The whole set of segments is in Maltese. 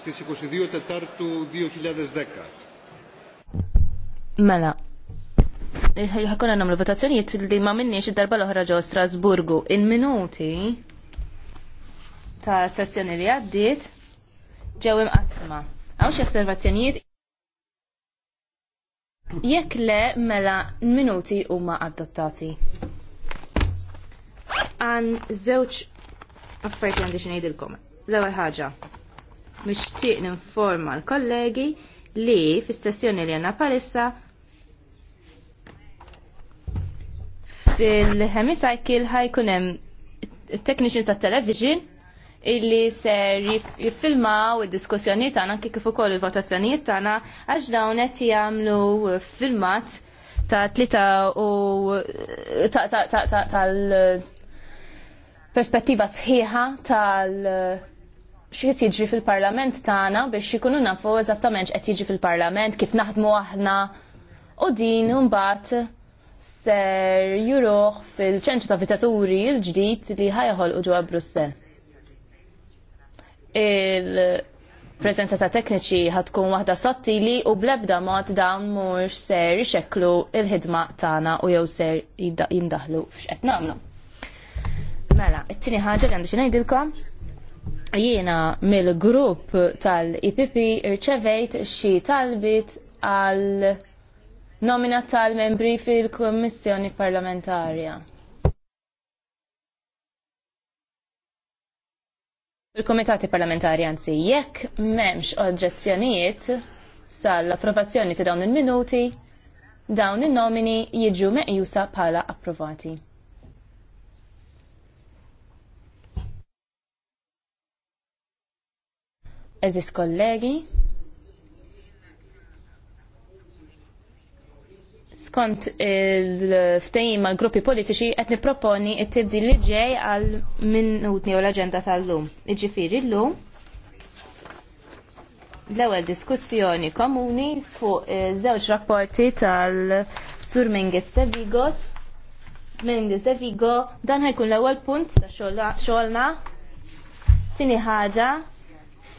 στις 22 Τετάρτου 2010. Mela. Ħakonna namlu votazzjonijiet li ma minniex id-darba l-oħra ġo Strasburgu. Il-minuti ta' sessjoni li għaddiet ġew imqasma. Għawx osservazzjonijiet jekk le mela minuti huma adottati. Għan żewġ affarijiet li għandi L-ewwel ħaġa, Mixtieq ninforma l-kollegi li fis-sessjoni li għandna palissa fil-hemicycle ħajkun hemm technicians tat television illi ser jiffilmaw id-diskussjoni tagħna kif ukoll il-votazzjonijiet tagħna għax dawn qed jagħmlu filmat ta' tlita u tal perspettiva sħiħa tal xrid jiġri fil-parlament tagħna biex ikunu nafu eżattament x'qed jiġri fil-parlament, kif naħdmu aħna u din imbagħad ser juruħ fil-ċentru ta' viżaturi l-ġdid li ħajħol u ġewwa Brussell. Il-preżenza ta' tekniċi ħatkun waħda sottili u blebda mod dawn mhux ser ixekklu il-ħidma tagħna u jew ser jindaħlu f'x'qed nagħmlu. Mela, it-tieni ħaġa li għandi xi ngħidilkom jiena mill-grupp tal-IPP irċevejt xi talbit għal nomina tal-membri fil-Kommissjoni Parlamentarja. Il-Komitati Parlamentari anzi jekk m'hemmx oġġezzjonijiet sal-approvazzjoni ta' dawn il-minuti, dawn in-nomini jiġu meqjusa bħala approvati. eżis kollegi. Skont il-ftejim mal gruppi politiċi qed nipproponi it-tibdi li ġej għal minnutni u l-aġenda tal-lum. Iġifieri llum l-ewwel diskussjoni komuni fuq eh, żewġ rapporti tal-Sur Mengis de Vigos. Mengis de Vigo dan ħajkun l-ewwel punt ta' xogħolna. Tini ħaġa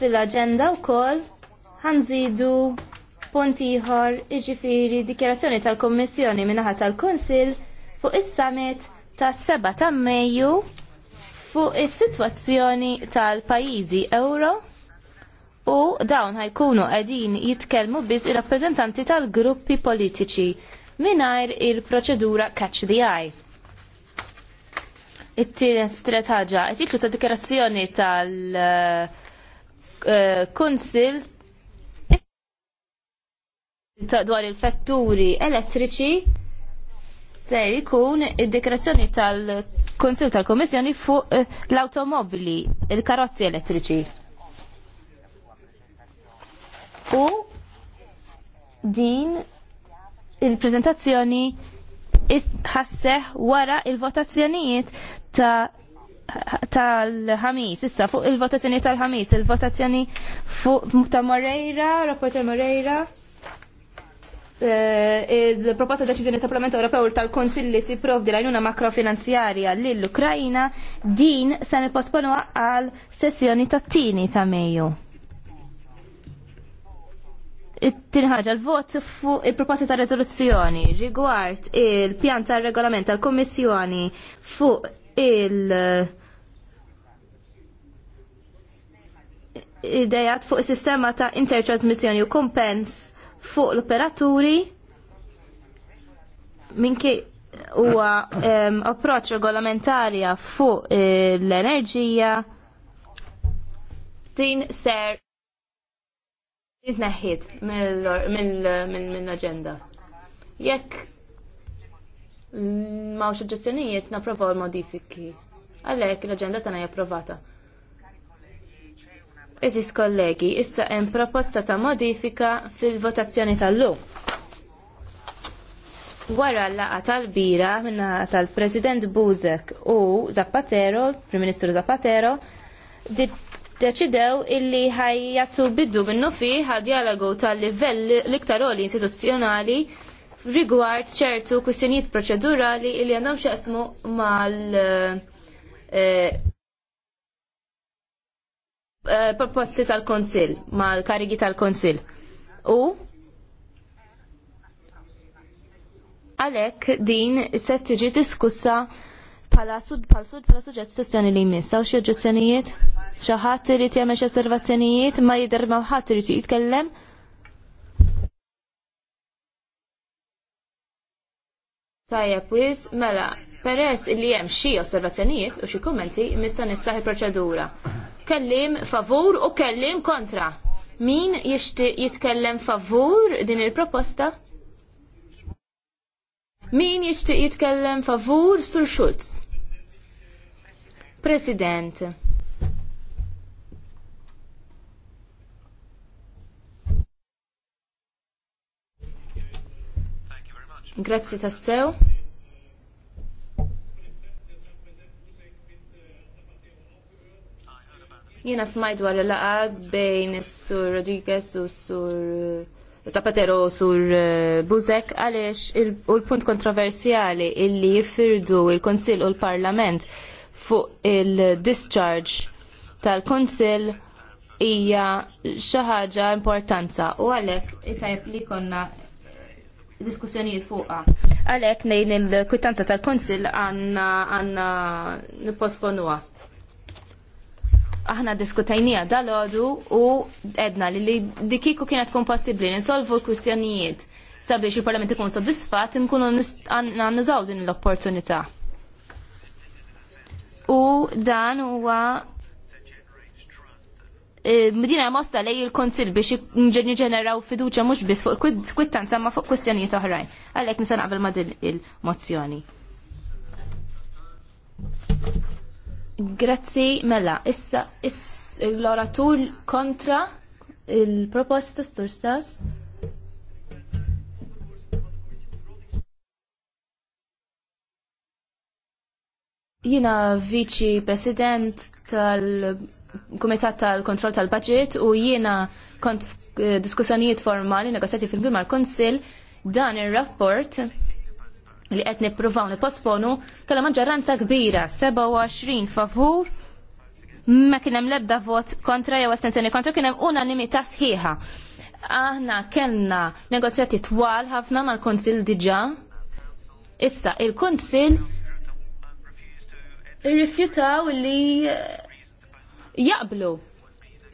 fil-agenda u koll ħanżidu punt ieħor iġifieri dikjerazzjoni tal-Kommissjoni minaħa tal-Kunsill fuq is-summit tas-7 ta' Mejju fuq is-sitwazzjoni tal-pajjiżi Ewro u dawn ħajkunu qegħdin jitkellmu biss ir-rappreżentanti tal-gruppi politiċi mingħajr il-proċedura catch the eye. It-tielet ħaġa, it-titlu ta' dikjerazzjoni tal- uh, kunsil dwar il-fetturi elettriċi se jkun id-dekrazzjoni tal kunsil tal-Komissjoni fuq eh, l-automobili, il-karozzi elettriċi. U din il-prezentazzjoni ħasseħ wara il-votazzjonijiet ta' tal-ħamis, issa fuq il-votazzjoni tal-ħamis, il-votazzjoni fuq ta' Moreira, rapporter Moreira, eh, il-proposta deċiżjoni ta' Parlament Ewropew tal-Konsill li tipprovdi l-għajnuna makrofinanzjarja lill-Ukrajna din se nipposponu għal sessjoni ta' tini ta' Mejju. Tinħaġa l-vot fuq il-proposta ta' rezoluzzjoni rigward il-pjan ta' regolament tal-Kommissjoni fuq il- idejat fuq sistema ta' intertrasmissjoni u kompens fuq l-operaturi minki huwa approċċ approċ regolamentarja fuq eh, l-enerġija din ser Nitneħħid mill-agenda. Jekk ma' suġġezzjonijiet l modifiki. Għalhekk l-agenda tagħna hija approvata. Eżis kollegi, issa hemm proposta ta' modifika fil-votazzjoni tal-lum. Wara l-laqa tal-bira minna tal-President Buzek u Zapatero, Prim-Ministru Zapatero, deċidew illi ħajjatu biddu minnu fiħ dialogu tal-livell l-iktar oli istituzzjonali rigward ċertu kwistjonijiet proċedurali illi għandhom xaqsmu mal- eh, Eh, proposti tal-Konsil, mal-karigi tal-Konsil. U għalek din se tiġi diskussa pala sud pal sud pala suġġett sessjoni li jmiss. Għaw xie oġġezzjonijiet? ħadd irid jagħmel xi osservazzjonijiet ma jidher ma ħadd irid jitkellem? Tajjeb wis, mela, peress li hemm xi osservazzjonijiet u xi kummenti mista niftaħ il-proċedura kellim favur u kellim kontra. Min jixtieq jitkellem favur din il-proposta? Min jixtieq jitkellem favur Sur Schulz? President. Grazie tassew. Jiena smajt dwar il-laqa bejn is-Sur Rodriguez u s-Sur eh, Zapatero u sur eh, Buzek għaliex il-punt kontroversjali illi jifirdu il-Konsil u l-Parlament fuq il-discharge tal-Konsil hija xi ħaġa importanza u għalhekk itajb li konna diskussjonijiet fuqha. Għalhekk ngħid il-kwitanza tal-Kunsill għandna għandna nipposponuha aħna diskutajnija dal-ħodu u edna li li dikiku kienet tkun possibli ninsolvu l-kustjonijiet sabiex il-parlament ikun soddisfat nkunu zaw din l-opportunità. U dan huwa Medina mosta lej il-konsil biex nġeneraw fiduċa mux bis fuq kwittan samma fuq kwistjonijiet oħrajn. Għalek nisan qabel ma din il-mozzjoni. Grazzi, mela, issa, is, l-oratur kontra il-proposta sturstas. Jina viċi president tal-Kumitat tal-Kontroll tal-Budget u jiena kont eh, diskussjonijiet formali negozjati fil-Bim mal-Konsil dan ir rapport li qed nippruvaw nipposponu kellha maġġoranza kbira 27 favur ma kien hemm l-ebda vot kontra jew astensjoni kontra kien hemm unanimità sħiħa. Aħna kellna negozjati twal ħafna mal-Kunsill diġà. Issa il-Kunsill irrifjutaw li jaqblu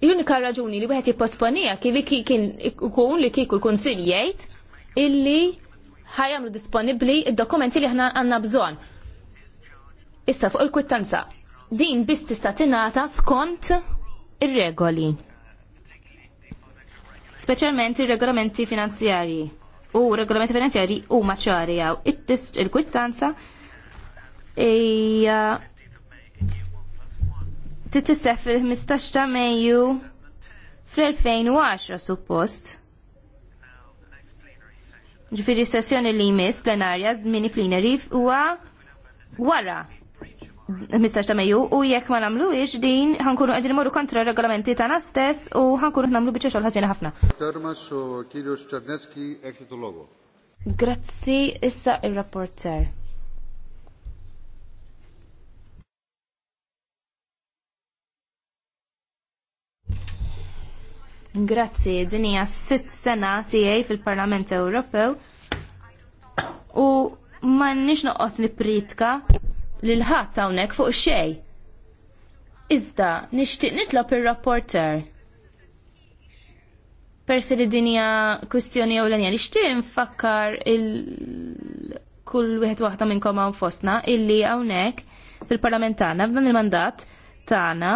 l-unika raġuni li wieħed jipposponija kien li kien ikun li kieku l kunsill jgħid illi ħajamlu disponibli id-dokumenti li ħna għanna bżon. Issa fuq il-kwittanza, din biss tista' tingħata skont ir-regoli. Speċjalment ir-regolamenti finanzjarji. U regolamenti finanzjarji huma ċari għaw. Il-kwittanza hija titisef il-15 ta' Mejju fl-2010 suppost ġifiri sessjoni li jmiss plenarja mini plenari huwa wara 15 ta' Mejju u jekk ma namlu nagħmluhiex din ħankunu għedin imorru kontra regolamenti ta' stess u ħankunu namlu biċċa xogħol ħażin ħafna. Grazzi issa il rapporter Grazzi, din hija sitt sena tiegħi fil-Parlament Ewropew u ma nix noqgħod nipritka lil ħadd hawnhekk fuq xejn. Iżda nixtieq nitlob ir-rapporter persi li hija kwistjoni ewlenija li xtieq nfakkar il kull wieħed waħda minnkom hawn fostna illi hawnhekk fil-parlament tagħna f'dan il-mandat tagħna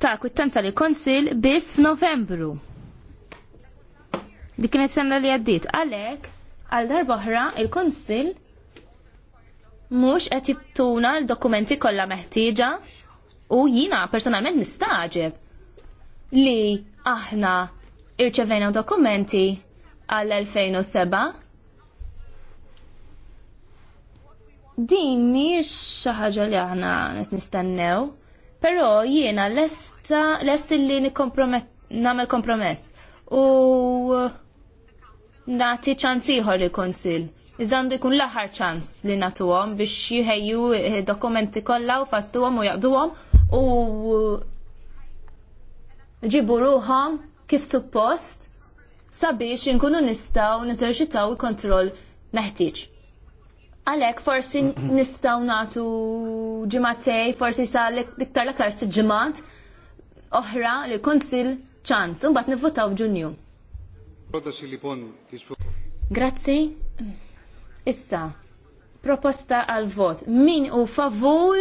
ta' kwittanza li konsil biss f'Novembru. Dik kienet sena li għaddit. Għalek, għal darba oħra il-konsil mhux qed jibtuna l-dokumenti kollha meħtieġa u jina personalment nistaġeb li aħna irċevejna dokumenti għal-2007 din mhix xi ħaġa li aħna qed nistennew. Però jiena l-est li nagħmel kompromess u nagħti ċans ieħor li konsil. Iżandu jkun l-aħħar ċans li nagħtuhom biex jħejju eh, dokumenti kollha u fastuhom u jaqduhom u ġibu ruħom kif suppost sabiex inkunu nistaw nizerċitaw kontroll meħtieġ. Għalek, forsi nistaw natu ġimatej, forsi sa l-iktar l-aktar ġimat oħra li konsil ċans, unbat nivvotaw ġunju. Grazzi. Issa, proposta għal vot. Min u favur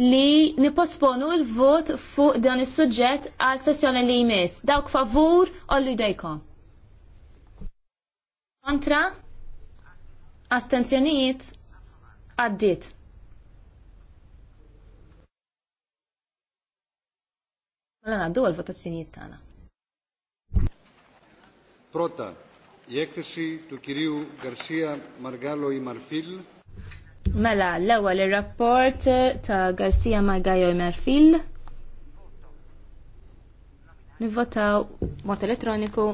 li niposponu il-vot fuq dan is suġġett għal sessjoni li jmiss. Dawk favur, ollu dejkom. Kontra? Astenzjonijiet? għaddiet. Mela għaddu għal votazzjoniet tagħna. Prota, jekkesi tu του Garcia Margallo i Marfil. Mela, l-ewwel ir-rapport ta' Garcia Margallo Marfil. Nivvotaw mod elettroniku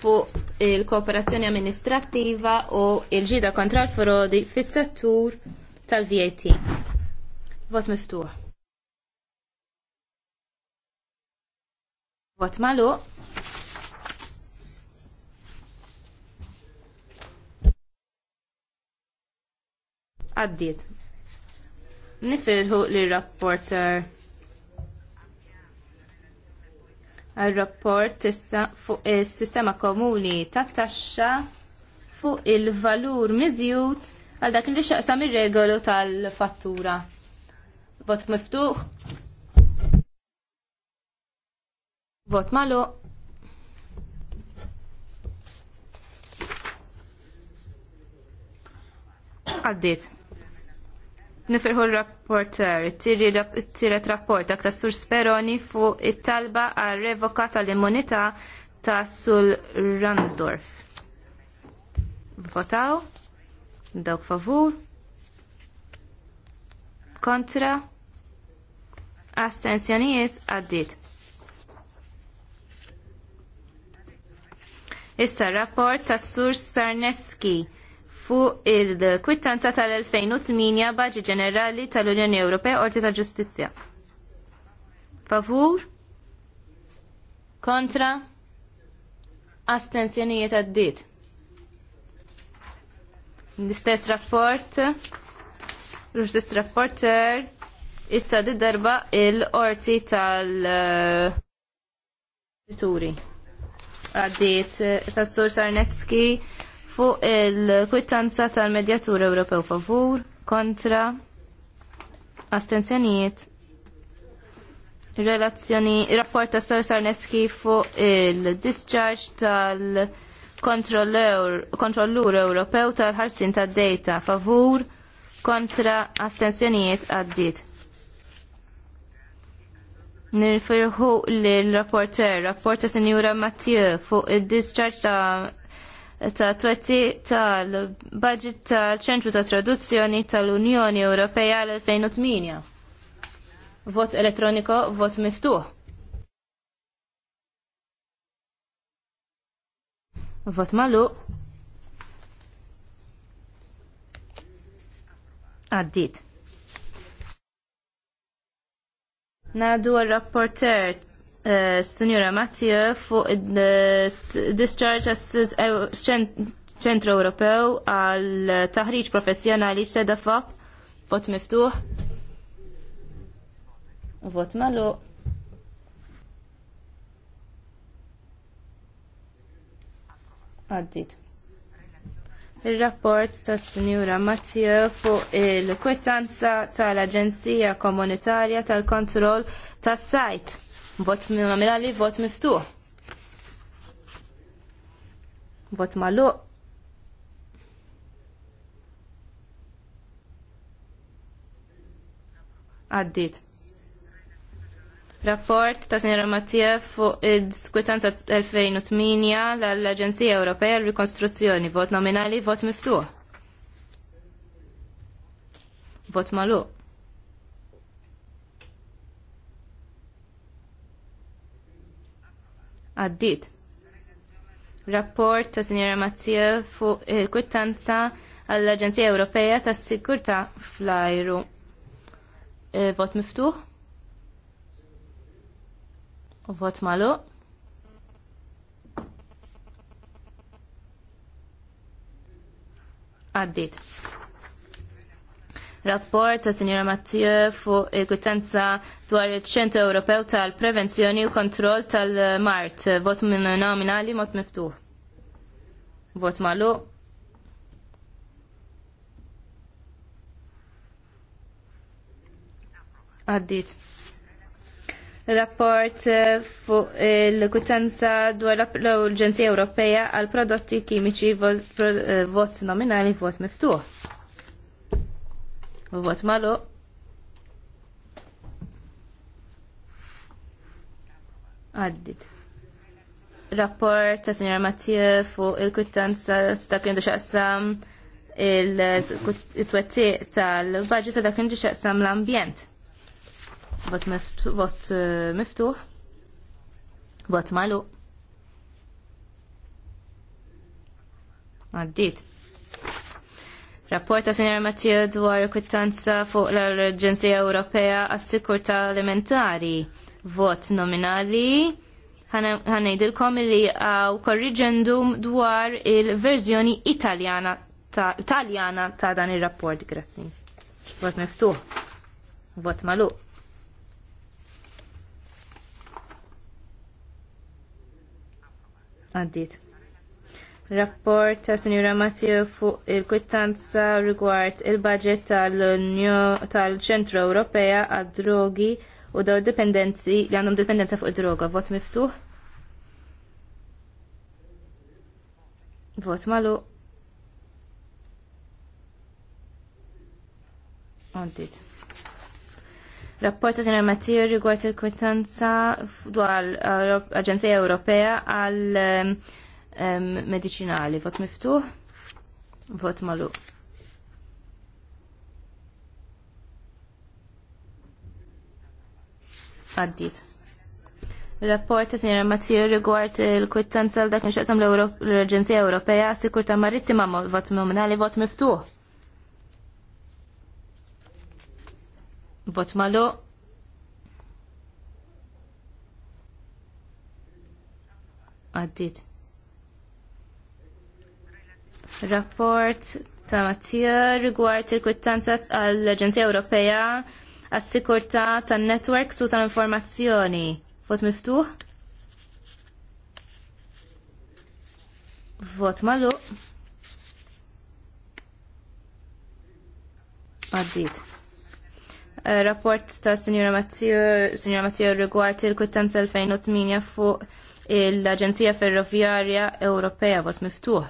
fuq il-kooperazzjoni amministrattiva u il-ġida kontra l-frodi fis-settur tal-VAT. Vot miftuħ. Vot malu. Għaddiet. Nifirħu l-rapporter. rapport fuq is-sistema komuni ta' taxxa fuq il-valur miżjud għal dak li xaqsam ir-regolu tal-fattura. Vot miftuħ. Vot malu. Għaddit. Nifirħu l rapport t-tiret rapport aktar sur Speroni fuq it-talba għal revoka tal-immunità ta' sul Ransdorf. Votaw, dawk favur, kontra, astenzjonijiet għaddit. Issa rapport ta' sur Sarneski fuq il-kwittanza tal-2008 Baġi Ġenerali tal-Unjoni Ewropea Orti ta' Ġustizzja. Favur? Kontra? Astenzjonijiet għaddit. L-istess rapport, l-istess rapporter, issa di darba il-orti tal-turi. Għaddit, eh, tas-sur Sarnetski, fuq il-kwittanza tal-Medjatur Ewropew favur kontra astenzjonijiet relazzjoni rapport ta' Sar Sarneski fuq il-discharge tal-kontrollur Ewropew tal-ħarsin tad-data favur kontra astenzjonijiet għaddit. Nirfirħu l-rapporter, rapport ta' Sinjura Mathieu fuq il-discharge ta' ta' twetti tal-budget tal-ċentru ta' traduzzjoni tal-Unjoni Ewropea l-2008. Vot elettroniko, vot miftuħ. Vot malu. Għaddit. Nadu għal-rapporter Eh, Signora Mattia fuq eh, discharge ċentru eh, Ewropew għal taħriġ professjonali x'seda fab vot miftuħ. Vot malu. Għaddit. Il-rapport tas Sinjura Mattia fuq il-kwittanza tal-Aġenzija Komunitarja tal-Kontroll tas-Sajt. Vot nominali, mela vot miftuħ. Vot maluq. Għaddit. Rapport ta' Sinjora Mattia fuq id-skwitanza 2008 l-Aġenzija Ewropea l-Rikostruzzjoni. Vot nominali, vot miftuħ. Vot maluq. għaddit. Rapport ta' Sinjora Mazzija fuq il-kwittanza għall-Aġenzija Ewropea tas Sigurtà fl-ajru. E, vot miftuħ? Vot magħluq? Għaddit rapport ta' Sinjora Mattie fuq il-kwitanza dwar il-ċentru Ewropew tal-Prevenzjoni u Kontroll tal-Mart. Vot minn nominali, mot miftuħ. Vot malu. Għaddit. Rapport eh, fuq il-kwitanza dwar l-Aġenzija Ewropea għal prodotti kimiċi eh, vot nominali, vot miftuħ. Vot malo. Għaddit. Rapport ta' Sinjor Mattie fuq il-kwittanza ta' kienu xaqsam il-twettiq tal-budget ta' dak xaqsam l-ambjent. Vot eh, miftuħ. Vot malu. Għaddit. Rapporta ta' Sinjor dwar kwittanza fuq l-Aġenzija Ewropea għas-Sikurta Alimentari. Vot nominali. Ħanejdilkom li għaw korriġendum dwar il-verżjoni italjana ta', ta dan il-rapport. Grazzi. Vot miftuħ. Vot malu. Għaddit rapport ta' Sinjura Mathieu fuq il-kwittanza rigward il-budget tal-ċentru Ewropea għad-drogi u daw dipendenzi li għandhom dipendenza fuq id-droga. Vot miftuħ? Vot malu. Għandit. Rapport ta' Sinjura Mathieu rigward il-kwittanza dwar l-Aġenzija Ewropea għal medicinali. Vot miftuħ, vot malu. Għaddit. Rapport ta' sinjera Mazzio rigward il-kwittanza l-dak nxaqsam l-Aġenzija Ewropea Sikurta Marittima vot nominali vot miftuħ. Vot malu. Għaddit rapport ta' Mattia rigward il-kwittanza għall-Aġenzija Ewropea għas-sikurtà tan-networks u tal-informazzjoni. Vot miftuħ? Vot magħluq. Għaddit. Eh, rapport ta' Signora Mattia rigward il-kwittanza 2008 fuq l-Aġenzija Ferroviarja Ewropea vot miftuħ.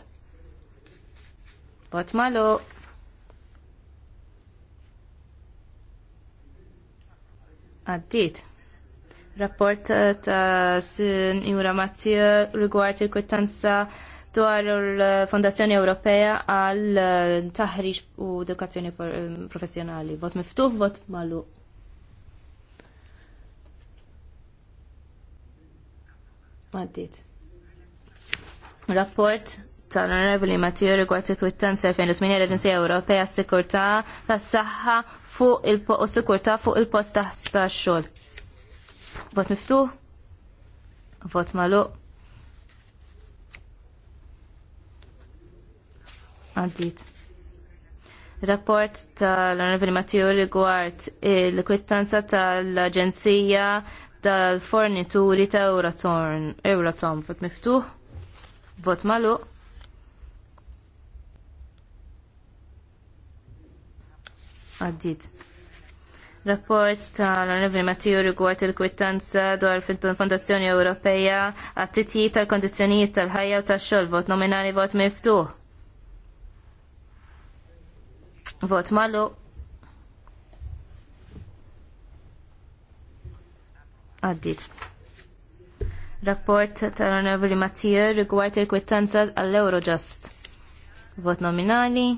Vot malo. Għaddit. Rapport ta' Sinjura Mazzio rigward il-kwittanza dwar il-Fondazzjoni Ewropea għal taħriġ u edukazzjoni eh, professjonali. Vot miftuħ, vot malu. Għaddit. Rapport tal-Onorevoli Matteo rigward il-kwittanza 2008 l-Aġenzija Ewropea s-Sikurtà tas-Saħħa fuq il-Sikurtà fuq il-post tax-xogħol. Vot miftuħ? Vot magħluq? Għaddit. Rapport tal-Onorevoli Matteo rigward il-kwittanza tal-Aġenzija tal-fornituri ta' Euratom. Euratom, vot miftuħ? Vot maluq. għaddit. Rapport tal-Onorevoli Mattiju rigward il-kwittanza dwar fil-Fondazzjoni Ewropeja għat tal-kondizjonijiet tal-ħajja u tax-xogħol vot nominali vot miftuħ. Vot malu. Għaddit. Rapport tal-Onorevoli Mattiju rigward il-kwittanza għall-Eurojust. Vot nominali,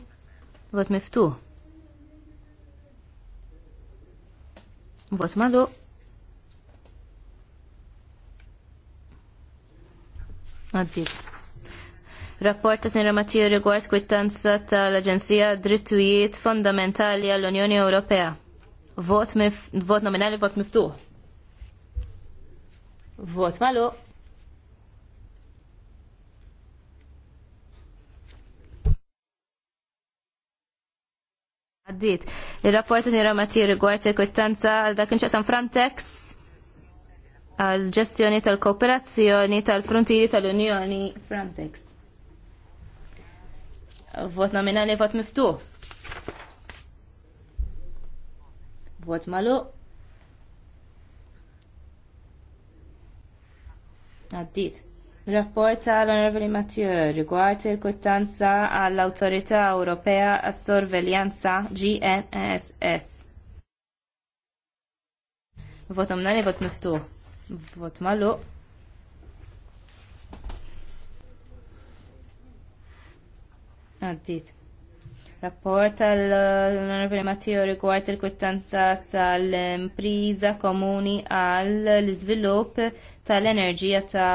vot miftuħ. Vot madu. Għaddit. Rapport ta' sinra Matiju rigward kwittanza tal-Aġenzija Drittujiet Fondamentali għall-Unjoni Ewropea. Vot, vot nominali, vot miftuħ. Vot malu. Għaddit, il-rapport nira mati rigward il-kwittanza għal dak inċaqsam Frontex għal ġestjoni tal-kooperazzjoni tal-frontieri tal-Unjoni Frontex. Vot nominali vot miftu? Vot malu. Għaddit. Rapport tal-Onorevoli Mathieu rigward il-kwittanza għall-Awtorità Ewropea għas-Sorveljanza GNSS. Vot omnani, vot miftuħ. Vot malu. Għaddit. Rapport tal-Onorevoli Mathieu rigward il-kwittanza tal-impriża komuni għall-iżvilupp tal-enerġija ta'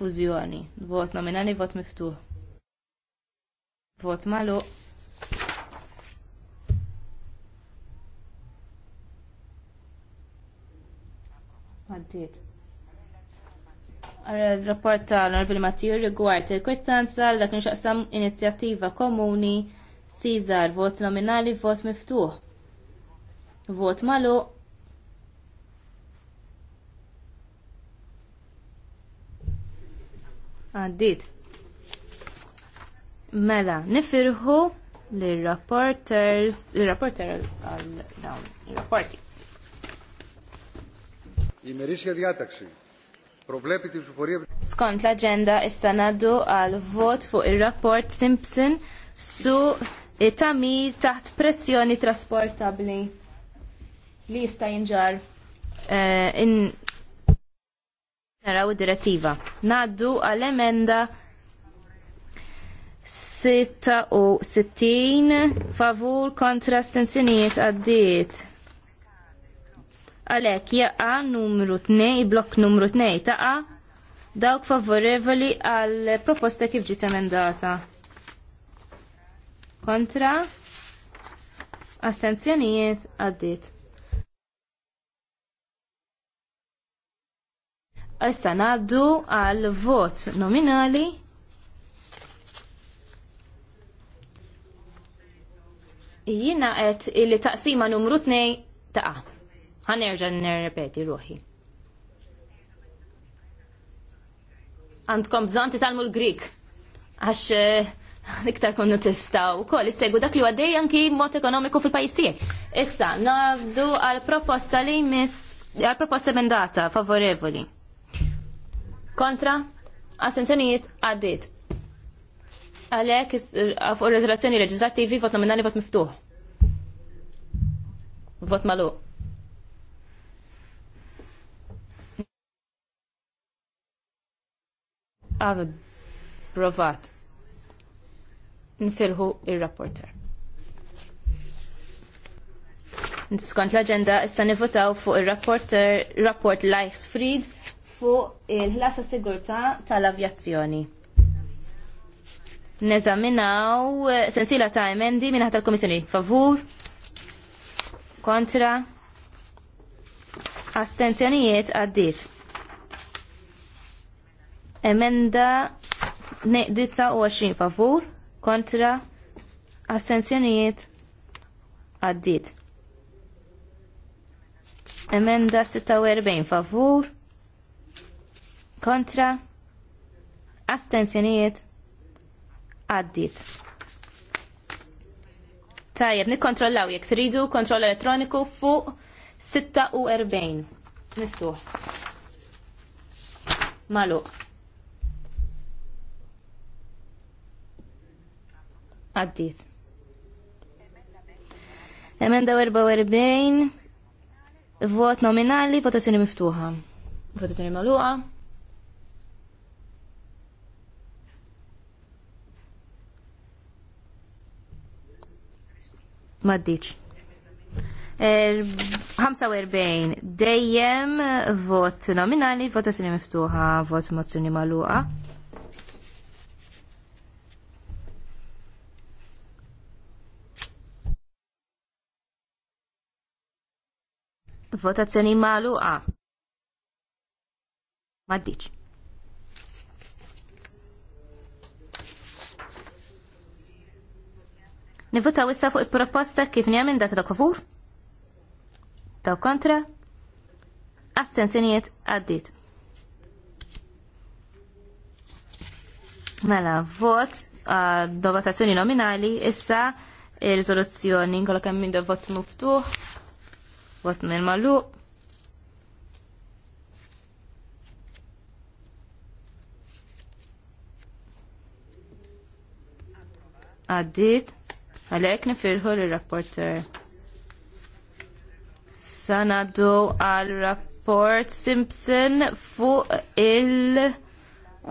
fużjoni. Vot nominali, vot miftuħ. Vot malu. Għaddit. Rapport ta' Norvil Matiju rigward il-kwittanza l-dak nxaqsam inizjattiva komuni Cesar, vot nominali, vot miftuħ. Vot malu. Għaddit. Mela, nifirħu li rapporters l-rapporter għal dawn, il-rapporti. Jimerisġa diataxi. Problemi ti xuforija. Skont l-agenda issa naddu għal vot fuq il-rapport Simpson su it taħt pressjoni trasportabli li jista' jinġar. Eh, in naraw id-direttiva. Naddu għal-emenda 66 favur kontra stenzjoniet għaddiet. Għalek jaqa numru 2, blok numru 2 taqa dawk favorevoli għal proposta kif ġiet emendata. Kontra astenzjonijiet għaddiet. Issa naddu għal vot nominali. Jina għet li taqsima numru tnej taqa. Ħanerġa' nirrepeti ruħi. Għandkom bżonn titalmu l-Grik għax eh, iktar konnu tistaw. Kol, istegu dak li għaddej anki mod ekonomiku fil-pajis tijek. Issa, naddu għal proposta li mis għal proposta emendata favorevoli kontra, astenzjonijiet għaddit. Għalek, uh, fuq rezolazzjoni leġislattivi, vot nominali, vot miftuħ. Vot malu. Għavad, provat. Nfirħu il-rapporter. Skont l-agenda, issa nivotaw fuq il-rapporter, rapport Life Freed, fuq il-ħlasa sigurta tal-avjazzjoni. Neżaminaw eh, sensila ta' emendi minna tal-Komissjoni. Favur? Kontra? Astenzjonijiet għaddit. Emenda 29 favur kontra astenzjonijiet għaddit. Emenda 46 favur kontra, astensjonijiet, għaddit. Tajjeb, nikkontrollaw jekk tridu kontroll elettroniku fuq 46. Niftuħ. Maluq. Għaddit. Emenda 44. Vot nominali, votazzjoni miftuħa. Votazzjoni maluqa. maddiċ. 45 er- dejjem vot nominali, votazzjoni miftuħa, vot mozzjoni maluqa. Votazzjoni maluqa. Maddiċ. Nivuta wissa fuq il-proposta kif njamin data ta' kufur? Taw kontra? Assenzjonijiet għaddit. Mela, vot do votazzjoni nominali issa il-rizoluzzjoni kollok hemm minn vot miftuħ, vot minn malu. Għaddit. Għalhekk nifirħu l rapporter Sanadu għal rapport Simpson fuq il-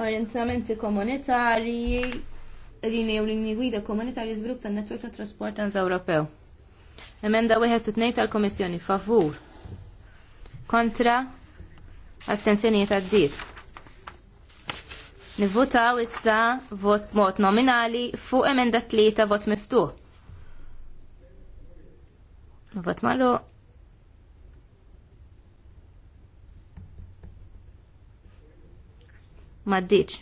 orientamenti komunitarji linji u linji gwida komunitarji żvilupp tan-netwerk ta' trasport Ewropew. Emenda wieħed u tal-Komissjoni favur. Kontra ta' għad-dir. Nivvotaw issa vot mod nominali fuq emenda tlieta vot miftuħ. Nufat malu. Maddiċ.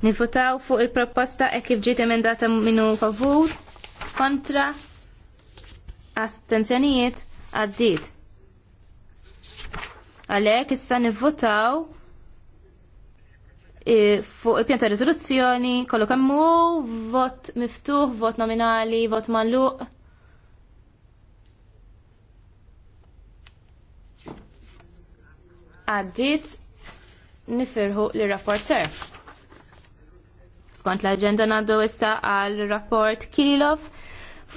Nifutaw fuq il-proposta e kif ġiet emendata minnu favur, kontra, astenzjonijiet, għaddit. Għalek issa nivvotaw fuq il-pjanta rizoluzzjoni kollu kemmu vot miftuħ, vot nominali, vot malluq. Għaddit nifirħu l-rapporter. Skont l-agenda naddu issa għal rapport Kirilov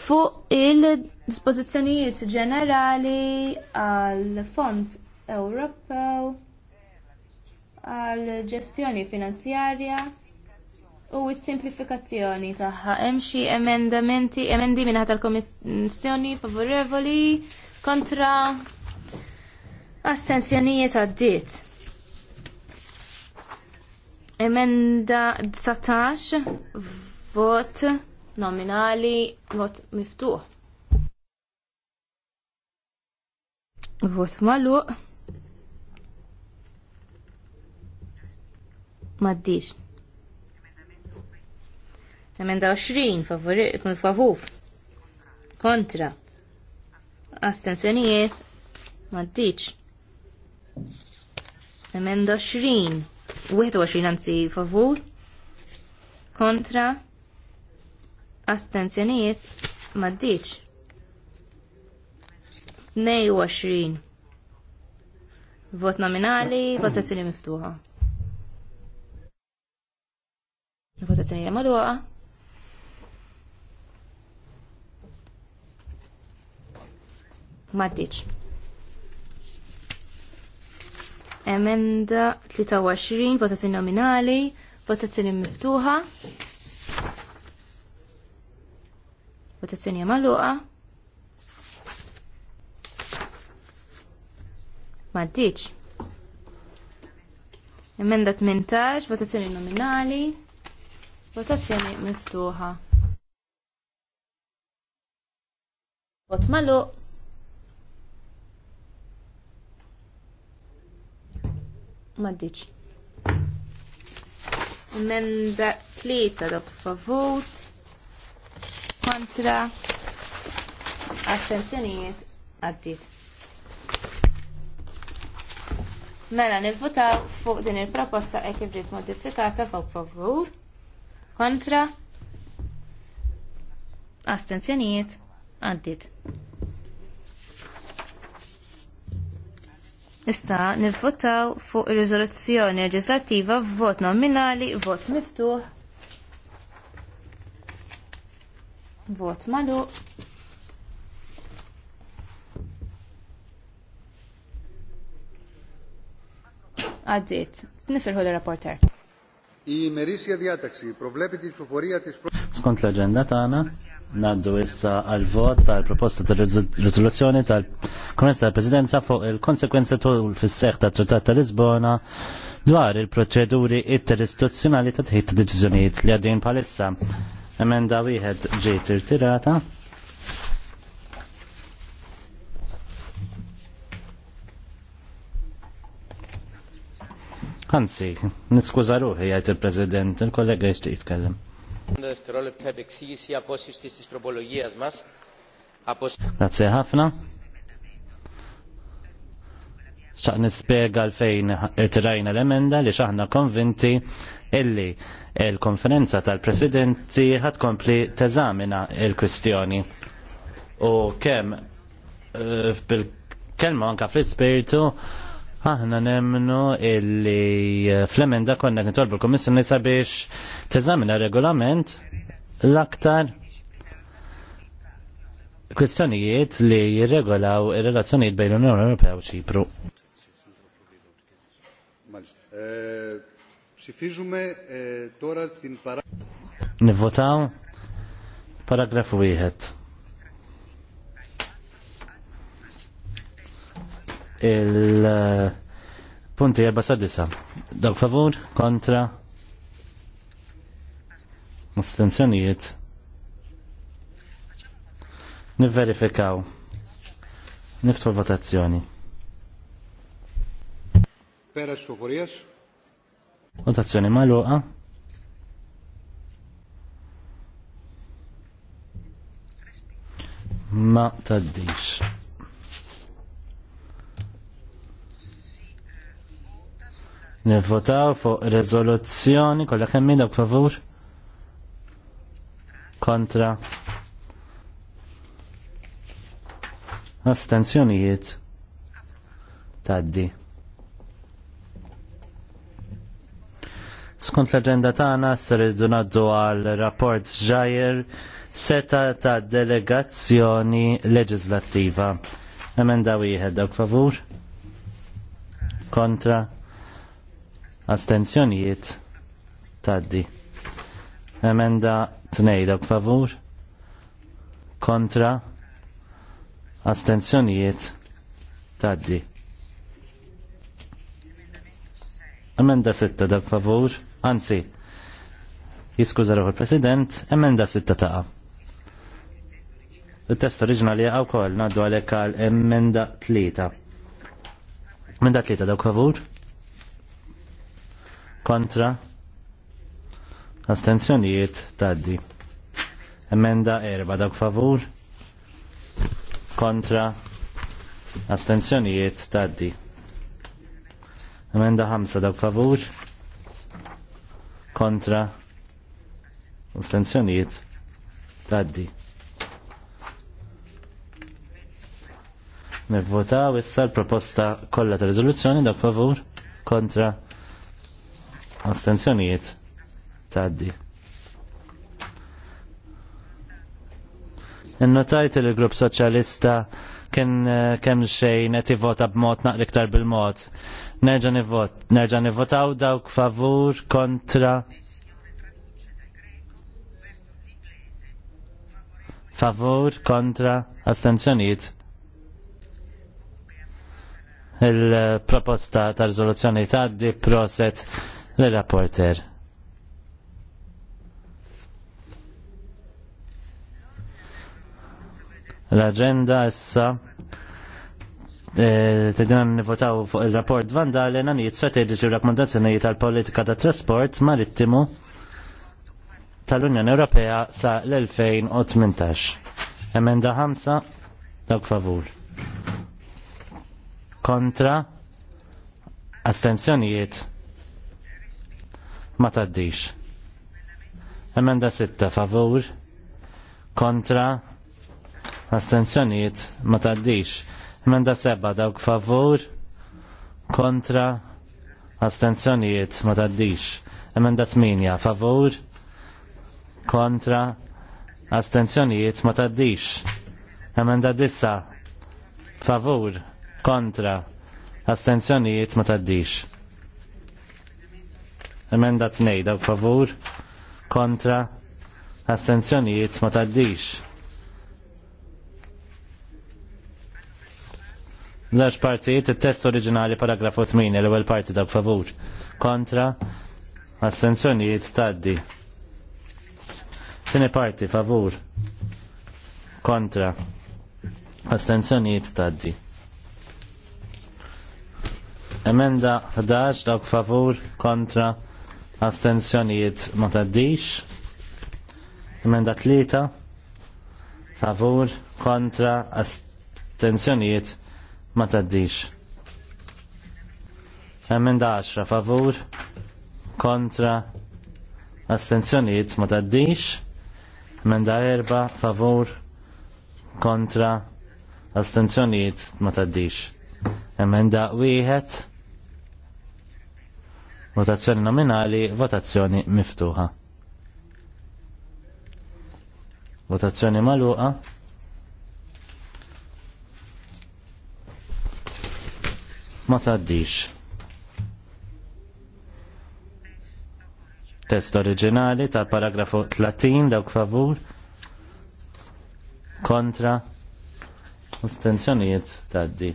fuq il-dispozizjonijiet ġenerali għal Fond Ewropew għal ġestjoni finanzjarja u s-simplifikazzjoni tagħha. Hemm xi emendamenti, emendi minn tal-Komissjoni favorevoli kontra astensjonijiet għaddiet. Emenda 19 vot nominali, vot miftuħ. Vot maluq. Maddix. Emenda 20 favur favur. Kontra. Astenzjonijiet Maddiċ. Emenda 20. 21 anzi favur. Kontra. Astenzjonijiet Maddiċ. 22. Vot nominali, votazzjoni miftuħa. votazzjoni hija magħluqa. Maddiċ. Emenda 23, votazzjoni nominali, votazzjoni miftuħa. Votazzjoni hija magħluqa. Maddiċ. Emenda 18, votazzjoni nominali. Votazzjoni miftuħa. Vot malu. Maddiċ. Emenda tlieta dok favut. Kontra. Astenzjonijiet għaddit. Mela nivvotaw fuq din il-proposta e kif ġiet modifikata fuq favur kontra, astenzjonijiet, għaddit. Issa nivvotaw fuq ir-riżoluzzjoni leġislattiva vot nominali, vot miftuħ. Vot magħluq. Għaddit, nifirħu l-rapporter. Skont l-agenda tagħna ngħaddu issa għal vot tal-proposta ta' riżoluzzjoni tal-Konferenza tal-Presidenza fuq il-konsekwenza tul fis-seħħ tat-Trattat ta' Lisbona dwar il-proċeduri interistituzzjonali ta' tħid ta' deċiżjonijiet li għaddin palissa. Emenda wieħed ġiet irtirata. Anzi, niskuża ruħi jgħid il-President, il-kollega jistu jitkellem. Grazie ħafna. Xaq nispiega l-fejn irtirajna l-emenda li xaħna konvinti illi il-konferenza tal-presidenti ħatkompli teżamina il-kwistjoni. U kem eh, bil-kelma anka fl-spiritu Aħna nemnu illi eh, fl-emenda konna nitolbu l-Komissjoni sabiex teżamina regolament l-aktar kwistjonijiet li jirregolaw ir-relazzjonijiet bejn l-Unjoni Ewropea u Ċipru. Eh, eh, Nivvotaw paragrafu wieħed. il-punti 4 sadisa 9. Dawk kontra, mustenzjoniet Nivverifikaw. Niftu votazzjoni Pera xufurijas? Votazzjoni maluqa. Ma taddix. nivvotaw fuq rezoluzzjoni kollha kemm min dawk favur kontra astenzjonijiet taddi. Skont l-agenda tagħna s rridu naddu għal rapport ġajer seta ta' delegazzjoni leġislattiva. Emenda wieħed dawk favur? Kontra? Astenzjonijiet taddi. Emenda tnejda b'favur. Kontra. Astenzjonijiet taddi. Emenda sitta da b'favur. Anzi, jiskuza ruħu president emenda sitta taqa. Il-test oriġinali għaw kol naddu għalek għal emenda tlita. Emenda tlita da b'favur? kontra astenzjonijiet taddi. Emenda erba dawk favur kontra astenzjonijiet taddi. Emenda ħamsa dawk favur kontra astenzjonijiet taddi. Nivvotaw issa l-proposta kollha ta' riżoluzzjoni dak favur kontra astenzjonijiet taddi. Innotajt il grupp soċjalista kien eh, kemm xejn qed ivota b'mod naqli iktar bil-mod. Nerġa' nivvot, nerġa' nivvotaw dawk favur kontra favur kontra astenzjonijiet il-proposta ta' rizoluzzjoni ta' di proset l-rapporter. L-agenda issa eh, Tidina nivotaw fuq il-rapport vandalen għanijiet strategiċi u rakkomandazzjonijiet tal-politika ta' trasport marittimu tal-Unjoni Ewropea sa' l-2018. Emenda 5, dak favur. Kontra, astenzjonijiet ma taddix. Emenda 6 favur kontra astenzjoniet, ma taddix. Emenda 7 dawk favur kontra astenzjoniet, ma taddix. Emenda 8 favur kontra astenzjonijiet ma taddix. Emenda 9 favur kontra astenzjoniet, ma taddix. Emenda t-nejda u favur kontra astenzjonijiet ma taddix. Żewġ partijiet it-test oriġinali paragrafu 8 l-ewwel parti dawk favur kontra astenzjonijiet taddi. T'ini parti favur kontra astenzjonijiet taddi. Emenda 11 dawk favur kontra astenzjonijiet ma taddix, emenda tlieta, favur, kontra, astenzjonijiet ma taddix. Emenda għaxra, favur, kontra, astenzjonijiet ma taddix, emenda erba, favur, kontra, astenzjonijiet ma taddix. Emenda wieħed, Votazzjoni nominali, votazzjoni miftuħa. Votazzjoni maluqa. Ma taddix. Test oriġinali tal paragrafu 30 dawk favur kontra astenzjonijiet taddi.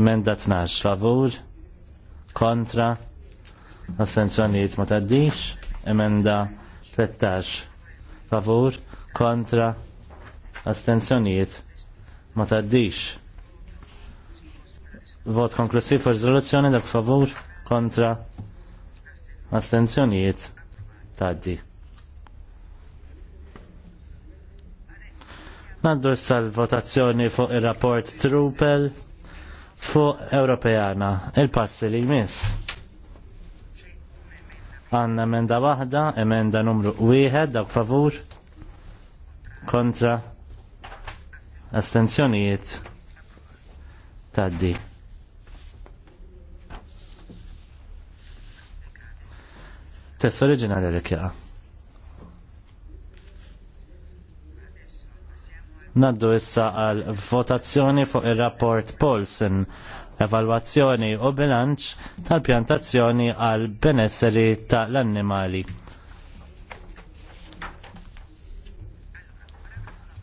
Emenda 12 favur kontra, astenzjonijiet ma taddix, emenda 13 favur, kontra, astenzjonijiet ma taddix. Vot konklusiv fuq riżoluzzjoni dak favur, kontra, astenzjonijiet taddi. Naddu sal-votazzjoni fuq ir rapport Trupel fuq Ewropejana, il-passi li jmiss. Għanna emenda waħda, emenda numru wieħed, dak favur, kontra, astenzjonijiet, taddi. Test oriġinali li kja. Naddu issa għal votazzjoni fuq ir-rapport Polsen, evalwazzjoni u bilanċ tal-pjantazzjoni għal benesseri tal-annimali.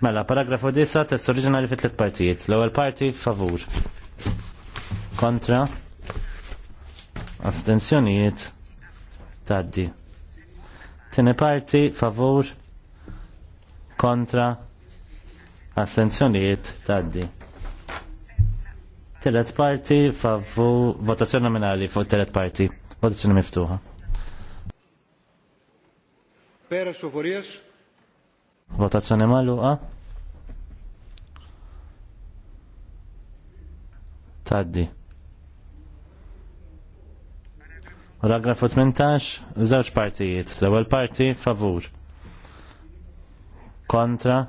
Mela, paragrafu 10, test oriġinali fit tliet partijiet. L-ewwel parti favur. Kontra. Astenzjonijiet. Taddi. Tieni parti favur. Kontra. Astenzjonijiet taddi. Telet parti favu votazzjoni nominali fuq telet parti. Votazzjoni miftuħa. Pera Soforias. Votazzjoni maluqa. Taddi. Paragrafu 18, żewġ partijiet. L-ewwel parti favur. Kontra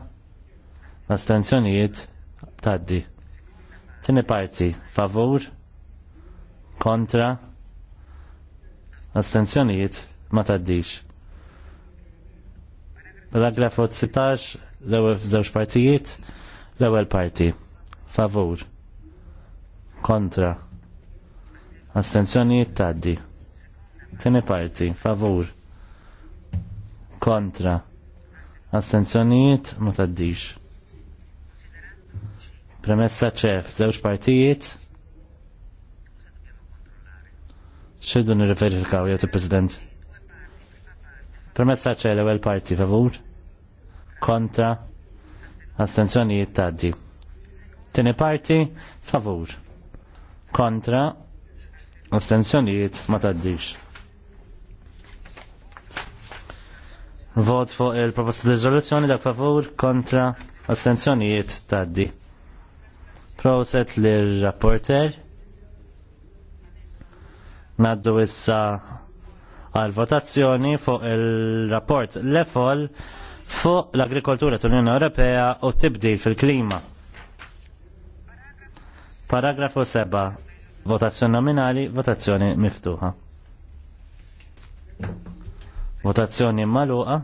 astenzjonijiet taddi. Tini parti, favur, kontra, astenzjonijiet ma taddix. Paragrafu 16, l-ewel f'żewġ partijiet, l-ewel parti, favur, kontra, astenzjonijiet taddi. Tini parti, favur, kontra, astenzjonijiet ma taddix Premessa ċef, żewġ partijiet. Xirdu nirriverifikaw jgħet president Premessa ċe l-ewel parti, favur. Kontra. Astenzjoni jittaddi. Tini parti, favur. Kontra. Astenzjonijiet ma taddix. Vot fuq il-proposta di risoluzzjoni da favur kontra astenzjonijiet taddi. Proset l-rapporter. Naddu issa għal votazzjoni fuq il-rapport l-EFOL fuq l-agrikoltura tal-Unjoni Ewropea u tibdil fil-klima. Paragrafu 7. Votazzjoni nominali, votazzjoni miftuħa. Votazzjoni maluqa.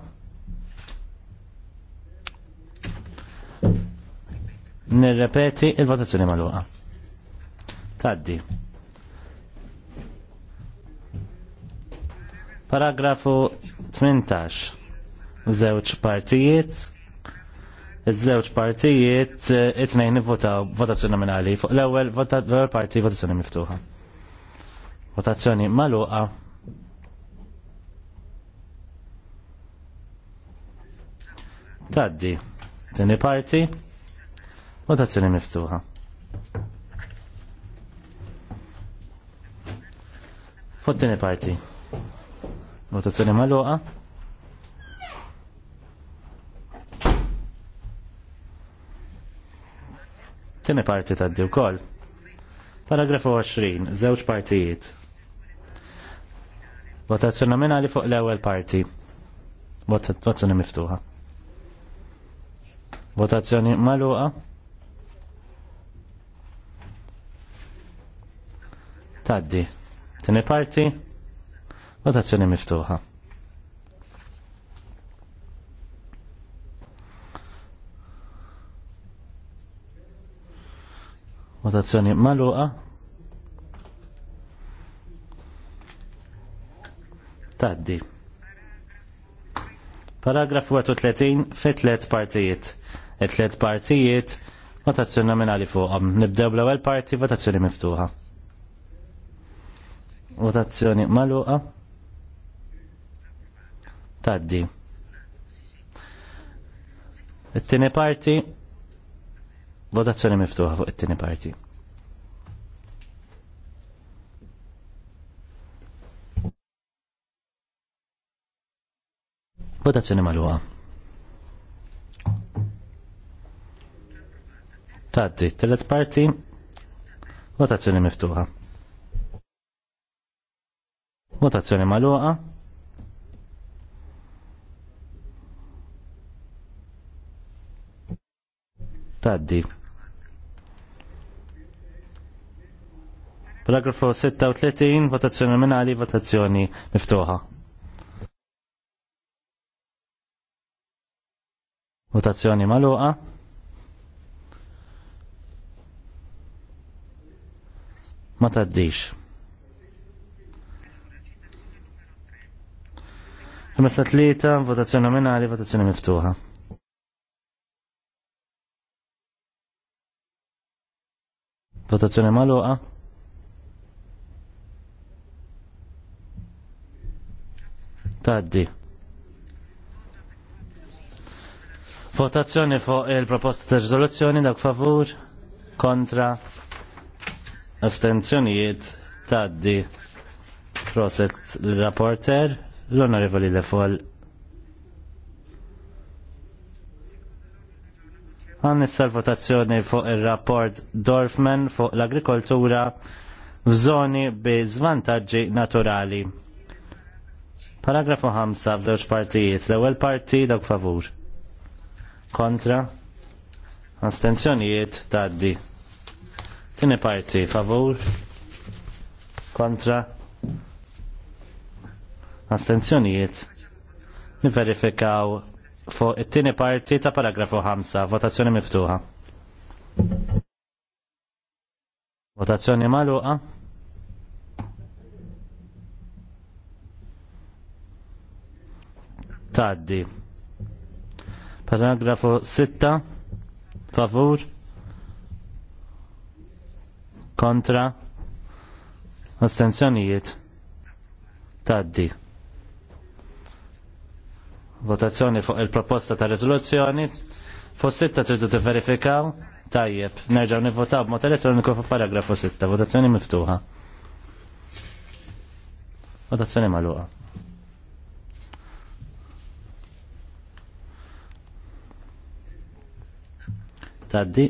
Nirrepeti il-votazzjoni maluqa. Taddi. Paragrafu 18. Żewġ partijiet. Zewċ partijiet eh, it nejn votaw votazzjoni nominali. Fuq l-ewwel l-ewwel parti votazzjoni miftuħa. Votazzjoni magħluqa. Taddi. Tieni parti. Votazzjoni miftuħa. Fottini parti. Votazzjoni maluqa. Tieni parti taddi wkoll. Paragrafu 20, żewġ partijiet. Votazzjoni nominali fuq l-ewwel parti. Votazzjoni miftuħa. Votazzjoni maluqa. Taddi. Tini parti. Votazzjoni miftuħa. Votazzjoni maluqa. Taddi. Paragraf 31 fit tliet partijiet. it tlet partijiet votazzjoni nominali fuqhom. Nibdew l-ewwel parti votazzjoni miftuħa. Votazzjoni maluqa. Taddi. It-tieni parti. Votazzjoni miftuħa fuq it-tieni parti. Votazzjoni maluqa. Taddi, telet parti. Votazzjoni miftuħa. Votazzjoni maluqa. Taddi. Paragrafu 36, votazzjoni nominali, votazzjoni miftuħa. Votazzjoni maluqa. Ma taddix. Imma tlieta, votazzjoni nominali, votazzjoni miftuħa. Votazzjoni maluqa. Taddi. Votazzjoni fuq il-proposta ta' riżoluzzjoni dak favur, kontra, astenzjonijiet, taddi. Proset l-rapporter. L-Onorevoli Lefol. Għan nissal votazzjoni fuq il-rapport Dorfman fuq l-agrikoltura f'żoni bi zvantaġġi naturali. Paragrafu 5 f'żewġ partijiet. L-ewwel parti dak favur. Kontra. Astenzjonijiet taddi. Tieni parti favur. Kontra astenzjonijiet niverifikaw fuq it-tieni parti ta' paragrafu 5, votazzjoni miftuħa. Votazzjoni maluqa. Taddi. Paragrafu 6, favur, kontra, astenzjonijiet, taddi votazzjoni fuq il-proposta ta' rezoluzzjoni. Fuq sitta tridu t-verifikaw. Tajjeb, nerġaw nivvotaw mod elettroniku fuq paragrafu sitta. votazzjoni miftuħa. Votazzjoni magħluqa. Taddi.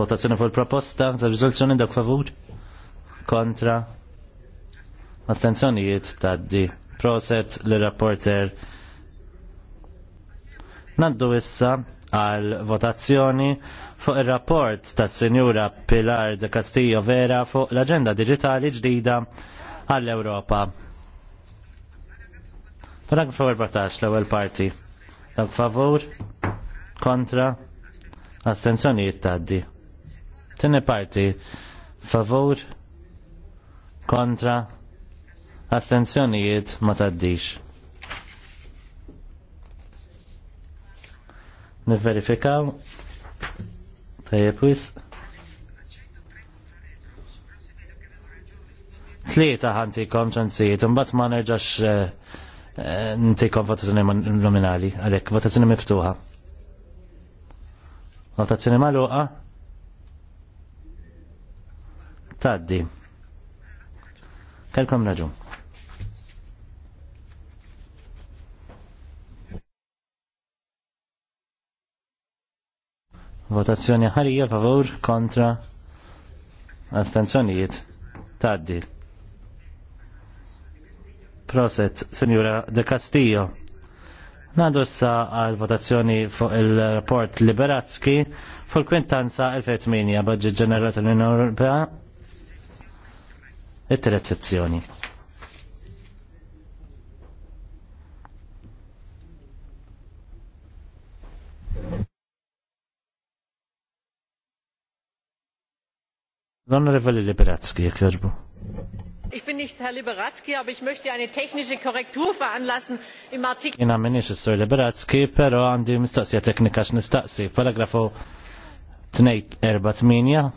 Votazzjoni fuq il-proposta, ta' riżoluzzjoni dak favur? Kontra. Astenzjonijiet taddi. Proset li rapporter Naddu issa għal votazzjoni fuq il-rapport tas Sinjura Pilar de Castillo Vera fuq l-Aġenda Digitali ġdida għall-Europa. Paragraf 14 l-ewwel parti. Dak favur, kontra, astenzjonijiet jittaddi. Tieni parti, favur, kontra, Astenzjonijiet ma taddix. Niverifikaw. Tajjeb wis. Tlieta ħantikom ċansijiet, imbagħad ma nerġax eh, eh, ntikom votazzjoni nominali, għalhekk votazzjoni miftuħa. Votazzjoni magħluqa? Taddi. Kelkom raġun. Votazzjoni ħarija favur kontra astenzjonijiet taddi. Proset, Senjura De Castillo. Nadu issa għal votazzjoni fuq il-rapport Liberatski fuq kwintanza 2008 budget Ġenerata l-Unjoni Ewropea it-tret sezzjoni. Ich bin nicht Herr Liberatski, aber ich möchte eine technische Korrektur veranlassen im Artikel. Jina minix s-sur Liberatski, pero għandi mistoqsija teknika x-nistaqsi. Paragrafu 248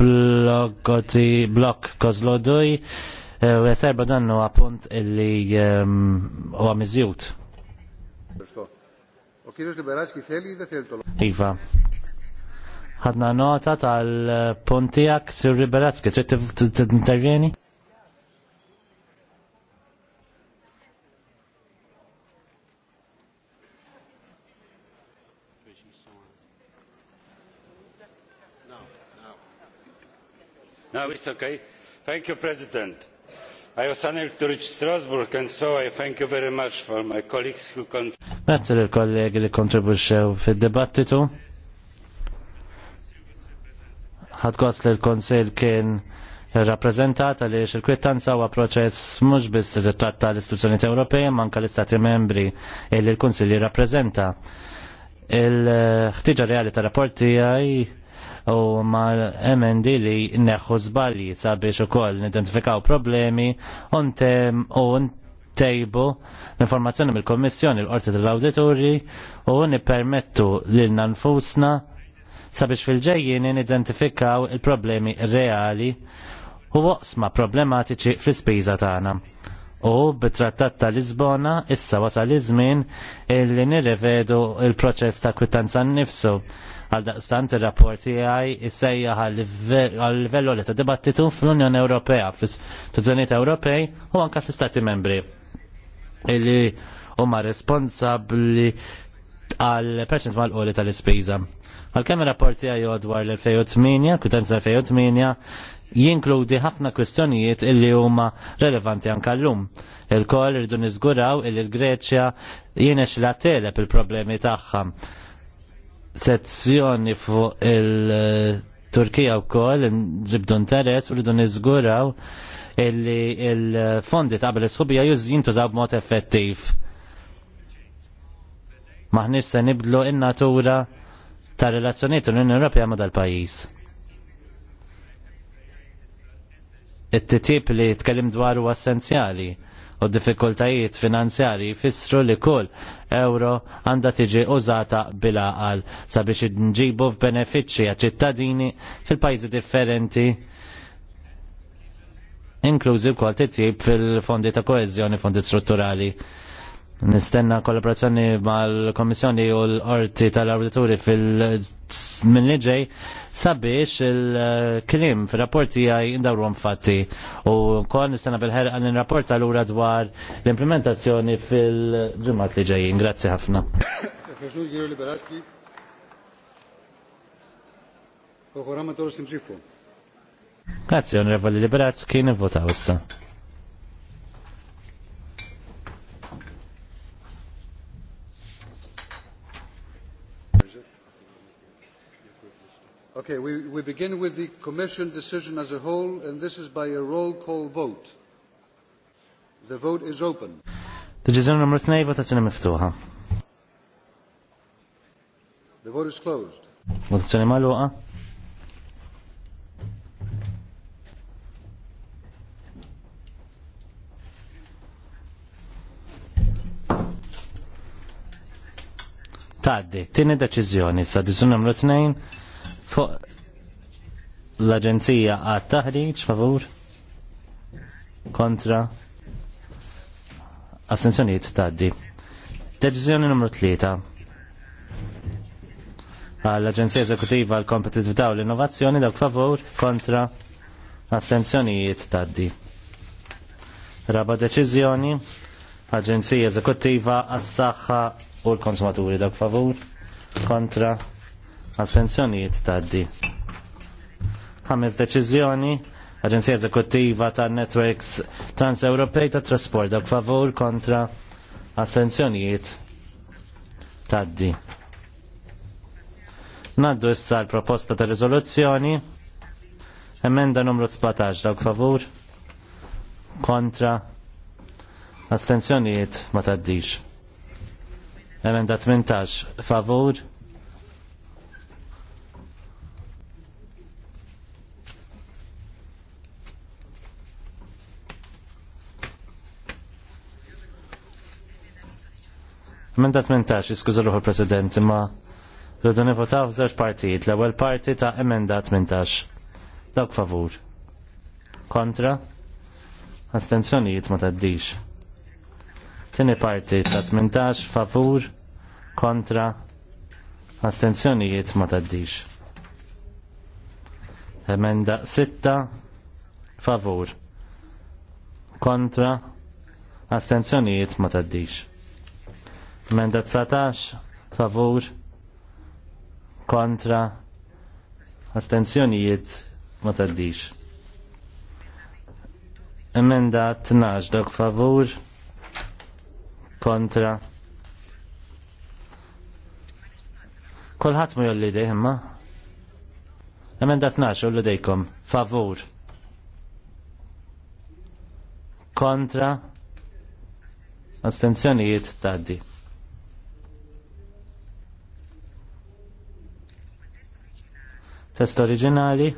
blogoti blok kozloduj eh, u jaserba dannu appunt illi ehm, u għamizjut. Iva, ħadna nota tal-puntijak sur Riberatski, ċe t-intervjeni? No, it's okay. Thank you, President. I was unable to reach Strasbourg and so I thank you very much for my colleagues who contributed. Grazie l-kollegi li kontribuxew fil-dibattitu ħadgost li l-Konsil kien rappresentat għaliex il-kwittanza huwa proċess mhux biss ritratta l-istituzzjonijiet Ewropej ma anke l-Istati membri illi l-Kunsill jirrappreżenta. Il-ħtiġa reali ta' rapporti tiegħi u ma' emendi li neħu żbalji sabiex ukoll nidentifikaw problemi u ntejbu l-informazzjoni mill-Kommissjoni l-Qorti tal-Awditurji u nippermettu lil nanfusna sabiex fil ġejjien nidentifikaw il-problemi reali u waqsma problematiċi fl-ispiża tagħna. U bit-trattat ta' Lisbona issa wasal iż-żmien illi nirrevedu il-proċess ta' kwittanza nnifsu għal daqstant ir-rapporti għaj issejja għal livello li ta' dibattitu fl-Unjoni Ewropea, fl-Istituzzjonijiet Ewropej u anka fl-Istati Membri illi huma responsabbli għal perċent mal qoli tal-ispiża. Għal-kemm rapporti għaj dwar l-2008, kutenza 2008, jinkludi ħafna kwistjonijiet illi huma relevanti anka lum. Il-koll irridu niżguraw illi l-Greċja jienex la telep il-problemi tagħha. Sezzjoni fuq il-Turkija wkoll ġibdu interess u rridu niżguraw illi il-fondi ta' qabel is jintużaw b'mod effettiv. Maħnis se nibdlu in-natura ta' relazzjoniet l-Unjoni Ewropea ma' dal-pajjiż. It-titjib li tkellim dwar huwa essenzjali u diffikultajiet finanzjari jfissru li kull euro għandha tiġi użata bil-aqal sabiex nġibu f'benefiċċji għal ċittadini fil-pajjiżi differenti inklużi wkoll titjib fil-fondi ta' koeżjoni, fondi strutturali. Nistenna kollaborazzjoni mal-Komissjoni u l-Orti tal-Awdituri fil minniġej sabiex il-klim fil-rapporti għaj indawru fatti. U kon nistenna bil-ħerqa n-rapport tal-ura dwar l-implementazzjoni fil-ġumat li ġejjin. Grazzi ħafna. Grazie, onorevoli Liberatski, nivvotaw issa. Okay, we, we begin with the Commission decision as a whole, and this is by a roll call vote. The vote is open. Deċiżjoni numru 2 The vote is closed. Taddi, tieni deċiżjoni sa' deċiżjoni l 2 fuq l-Aġenzija għat taħriġ favur kontra assenzjoniet taddi. Deċiżjoni numru 3 għall-Aġenzija Eżekutiva għal kompetitività u l-Innovazzjoni dak favur kontra astenzjonijiet taddi. Raba deċiżjoni Aġenzija Eżekuttiva għas-Saħħa u l-Konsumaturi dak favur kontra Astenzjonijiet taddi. Ħames deċiżjoni Aġenzija Eżekuttiva ta' Networks Trans-Ewropej ta' Trasport dak favur kontra astenzjonijiet taddi. Naddu issa l-proposta ta' riżoluzzjoni. Emenda numru 17 dak favur kontra astenzjonijiet ma taddix. Emenda 18 favur Emenda 18, iskuża ruħu President, imma rridu nivotaw f'żewġ partijiet. L-ewwel parti ta' emenda 18. Dawk favur. Kontra? Astenzjonijiet ma taddix. Tieni parti ta' 18 favur, kontra, astenzjonijiet ma taddix. Emenda 6 favur. Kontra, astenzjonijiet ma taddix Menda 19, favur, kontra, astenzjonijiet ma taddix. Emenda 12, dok favur, kontra. Kolħat mu jolli dej, imma? Emenda 12, jolli dejkom, favur, kontra, astenzjonijiet taddi. test oriġinali.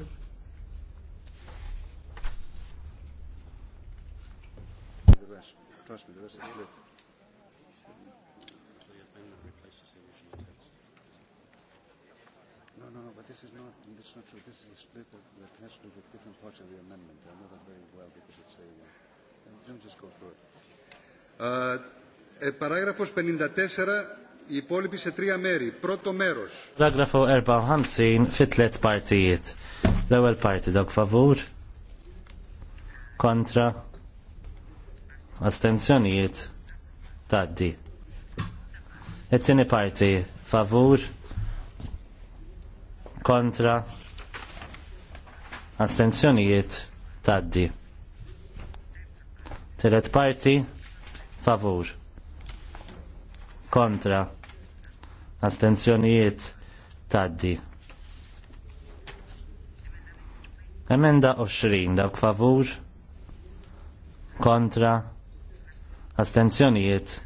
No, no, but this is not, true. This is a split that, has to do with different parts of the amendment. uh, uh eh, paragrafos 54 I polipi se τρία meri. Πρώτο μέρος. Παράγραφο 54 fit-tlet partijiet. L-ewwel parti dok favur. Kontra. Astenzjonijiet. Taddi. It-tieni parti favur. Kontra. Astenzjonijiet. Taddi. Telet parti favur kontra astenzjonijiet taddi. Emenda 20 dawk favur kontra astenzjonijiet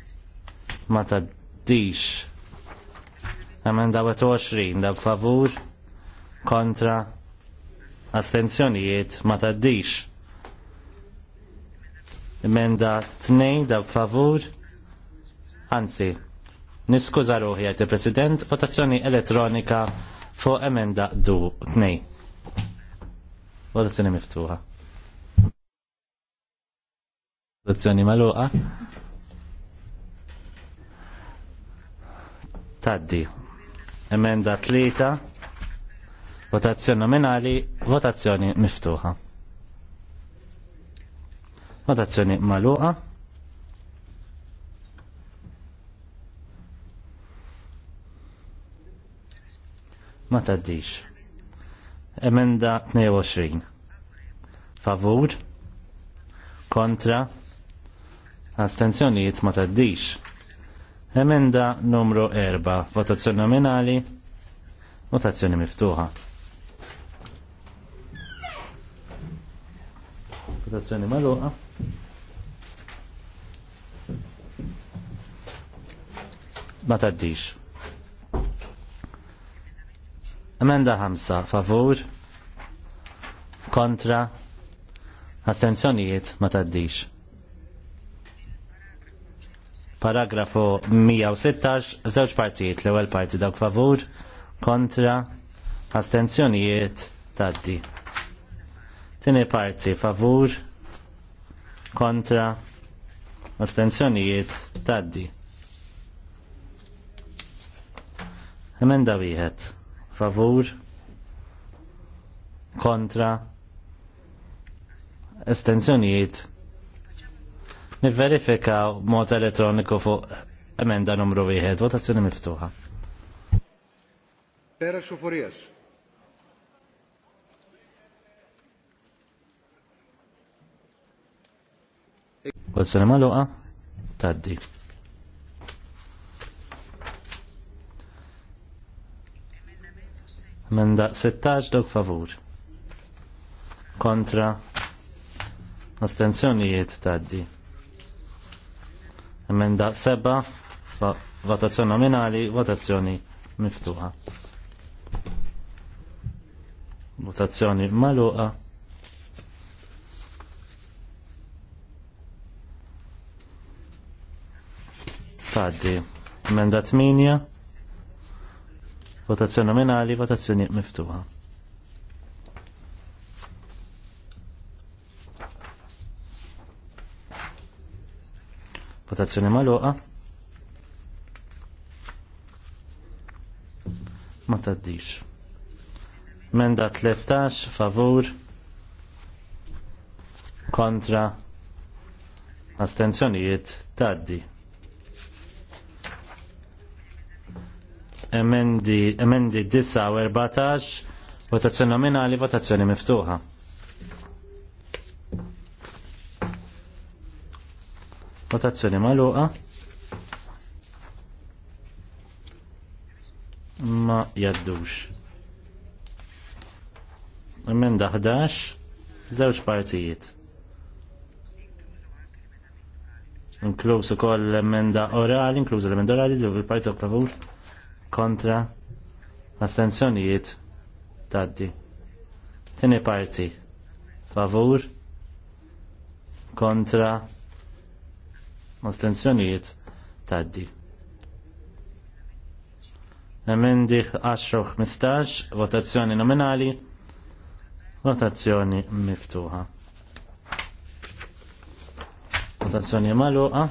ma taddix. Emenda 20 dawk favur kontra astenzjonijiet ma taddix. Emenda 2 dawk favur anzi Niskuża ruħi għati President, votazzjoni elettronika fuq emenda du tnej. Votazzjoni miftuħa. Votazzjoni maluqa. Taddi. Emenda tlita. Votazzjoni nominali, votazzjoni miftuħa. Votazzjoni maluqa. ma taddix. Emenda 22. Favur? Kontra? Astenzjonijiet ma taddix. Emenda numru 4. Votazzjoni nominali? Votazzjoni miftuħa. Votazzjoni maluqa. Ma taddix. Emenda ħamsa, favur kontra astenzjonijiet ma taddix. Paragrafu 116, żewġ partijiet, l-ewwel parti dawk favur, kontra, astenzjonijiet taddi. Tieni parti favur, kontra, astenzjonijiet taddi. Emenda wieħed favur, kontra, estensjonijiet. Niverifika mod elettroniku fuq emenda numru wieħed, votazzjoni miftuħa. Pera xufurijas. Votazzjoni maluqa, taddi. da' 16 dok favur. Kontra. Astenzjonijiet taddi. Emenda 7 votazzjoni nominali, votazzjoni miftuħa. Votazzjoni maluqa. Taddi. Emenda 8 Votazzjoni nominali, votazzjoni miftuħa. Votazzjoni maluqa. Ma taddix. Menda 13 favur kontra astenzjonijiet taddi. emendi, emendi 9 u votazzjoni nominali, votazzjoni miftuħa. Votazzjoni maluqa. Ma jaddux. Emenda 11, żewġ partijiet. Inkluż ukoll l-emenda orali, inkluż l-emenda orali, l parti favur kontra astenzjonijiet taddi. Tini parti favur kontra l-astenzjonijiet taddi. Emendi 10-15, votazzjoni nominali, votazzjoni miftuħa. Votazzjoni maluqa.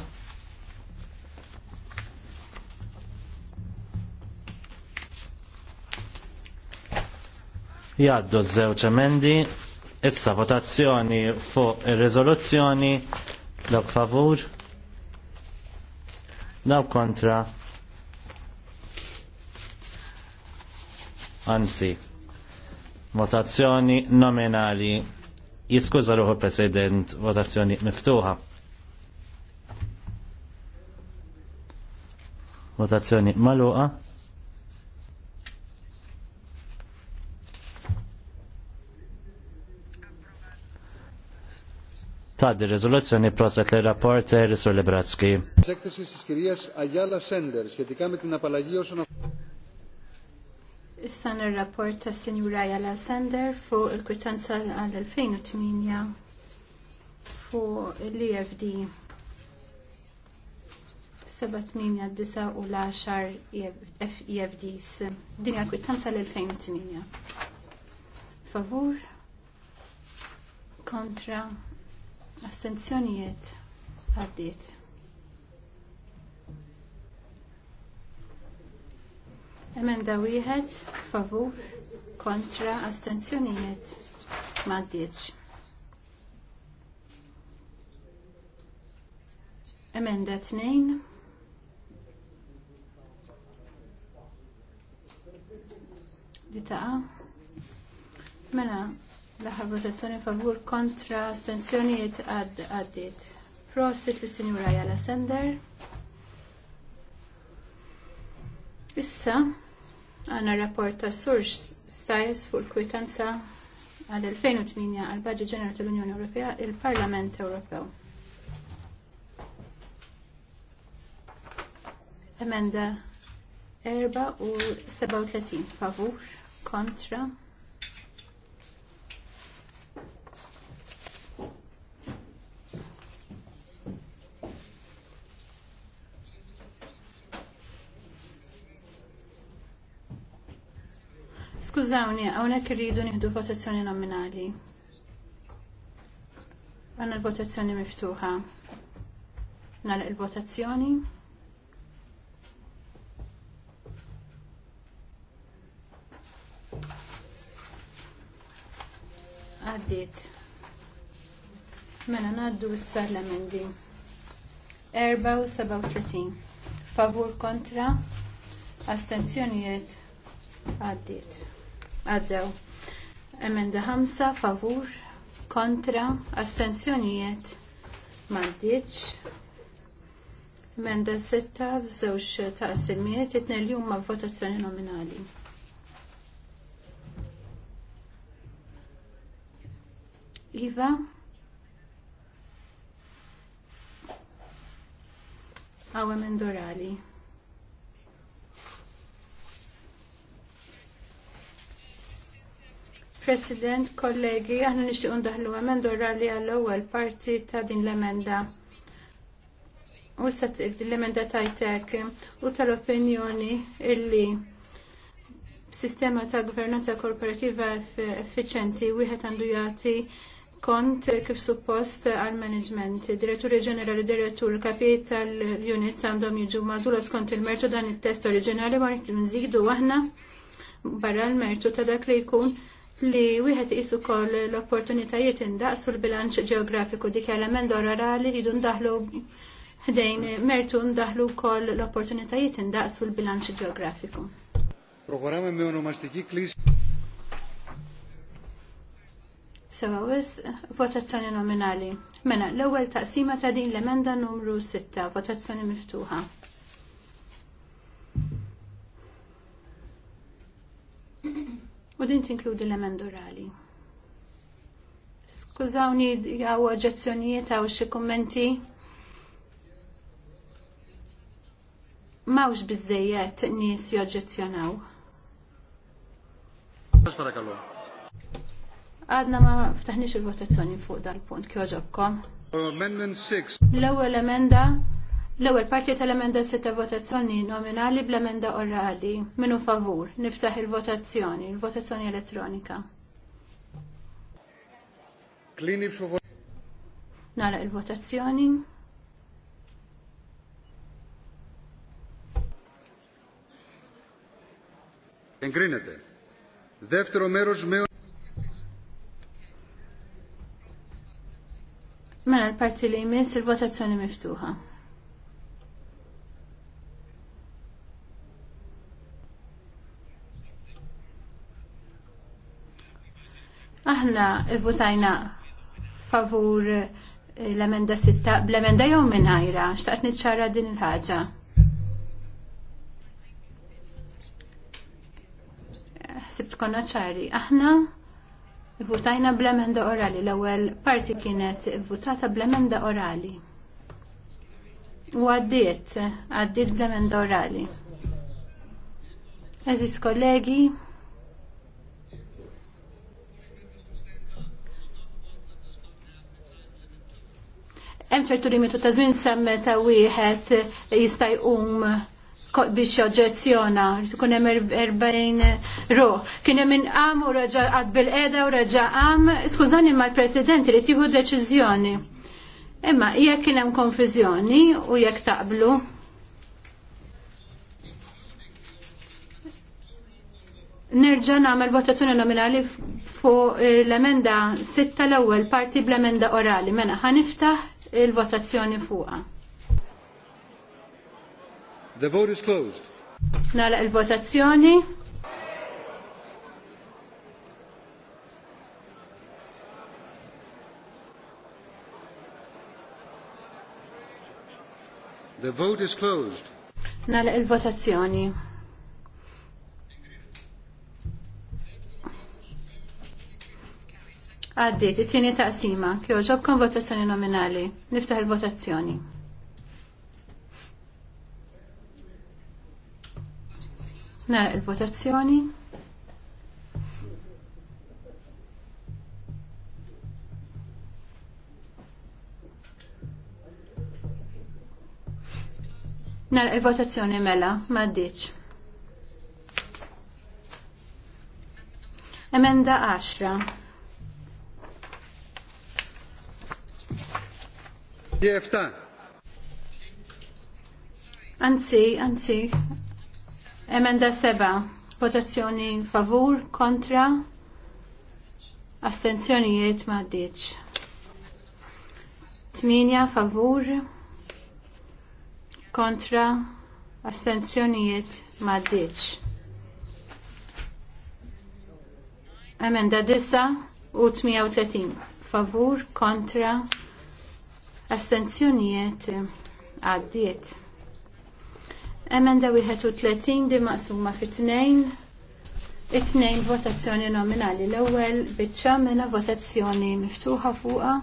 Jaddu żewġ emendi, issa votazzjoni fuq ir-riżoluzzjoni dawk favur, dawk kontra. Anzi, votazzjoni nominali. Jiskuża ruħu President, votazzjoni miftuħa. Votazzjoni maluqa. ta' di rezoluzzjoni proset li rapporter sur Libratski. Issa nir-rapport ta' Sinjura Jala Sender fuq il-kwitanza għal-2008 fuq l-EFD 8 EFDs. Din għal kwitanza l-2008. Favur, kontra, Astenzjonijiet għaddit. Emenda wieħed favur kontra astenzjonijiet m'għaddiex. Emenda tnejn. Dita'a. Mela, Laħa votazzjoni favur kontra astenzjonijiet għaddiet. Prosit li sinjura Jala Sender. Issa, għanna rapport ta' Surx Styles fuq il-kwitanza għal-2008 għal-Baġġi Ġenerali tal-Unjoni Ewropea, il-Parlament Ewropew. Emenda 4 u 37 favur kontra Skużawni, hawnhekk irridu nieħdu votazzjoni nominali. Għanna l-votazzjoni miftuħa. Nagħlaq il-votazzjoni. Għaddiet. Mela ngħaddu issa l-emendi. 37. favur kontra astenzjonijiet Għaddit għaddew. Emenda ħamsa favur kontra astenzjonijiet maddiċ. Emenda sitta, f'żewġ ta' assimiet itnel jum ma' votazzjoni nominali. Iva, għaw emendorali. orali. President, kollegi, aħna nixtieq ndaħlu emendu orali għall-ewwel parti ta' din l-emenda. U stat l-emenda tajtek u tal-opinjoni illi sistema ta' governanza korporativa effiċenti wieħed għandu jagħti kont kif suppost għall management Diretturi ġenerali, direttur kapital tal-units għandhom jiġu mażula skont il-mertu dan it-test oriġinali ma nżidu aħna barra l-mertu ta' dak li jkun li wieħed isu koll l-opportunitajiet indaqsu l-bilanċ ġeografiku dik element orali li ndaħlu ħdejn mertu ndaħlu koll l-opportunitajiet indaqsu l-bilanċ ġeografiku. Programma mi onomastiki klis. Sewa wis votazzjoni nominali. Mena, l-ewwel taqsima ta' din l-emenda numru 6, votazzjoni miftuħa. U din tinkludi l-emend orali. Skużawni għaw oġezzjonijiet għaw xie kommenti. Mawx bizzejiet nis joġezzjonaw. Għadna ma ftaħniex il-votazzjoni fuq dal-punt kjoġobkom. L-ewwel emenda L-ewwel parti tal-emenda sitta votazzjoni nominali bl-emenda orali. Minu favur, niftaħ il-votazzjoni, il-votazzjoni elettronika. Klini Nara il-votazzjoni. Engrinete. Deftero meroġ με... Mela l-parti li jmiss il-votazzjoni miftuħa. Aħna votajna favur eh, l-emenda sitta bl-emenda jew minħajra, xtaqt niċċara din il-ħaġa. Sibt konna ċari, aħna votajna bl-emenda orali, l-ewwel parti kienet votata bl-emenda orali. U għaddiet, għaddiet bl-emenda orali. Eżis kollegi, Hemm ċertu limitu ta' żmien semmet wieħed jista' jqum biex oġġezzjona, kun hemm 40 er- ro. Kien hemm inqam u raġa għad bil-qeda u reġa' qam, skużani ma l-President li tieħu deċiżjoni. Imma jekk kien hemm konfiżjoni u jekk taqblu, Nerġa' nagħmel votazzjoni nominali fuq l-emenda sitta l-ewwel parti bl-emenda orali. Mena ħaniftaħ il-votazzjoni fuqa. The vote is closed. Nala il-votazzjoni. The vote is closed. Nala il-votazzjoni. Għaddit, it-tieni taqsima, kjo ġobkom votazzjoni nominali. Niftaħ il-votazzjoni. Nara il-votazzjoni. Nara il-votazzjoni mela, ma' Emenda 10. Jefta. Anzi, anzi, emenda seba, votazzjoni favur, kontra, astenzjonijiet ma' diċ. Tminja favur, kontra, jiet ma' diċ. Emenda disa u 38, favur, kontra, astenzjonijiet eh, għaddiet. Emenda 31 di maqsuma fit tnejn it-tnejn votazzjoni nominali l-ewwel biċċa mela votazzjoni miftuħa fuqha.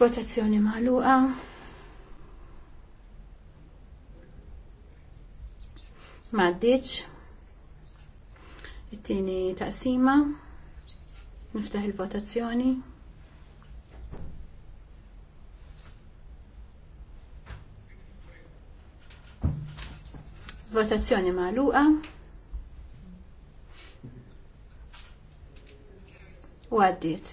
Votazzjoni magħluqa. Maddiċ. It-tieni taqsima. Niftaħ il-votazzjoni. Votazzjoni magħluqa. U għaddiet.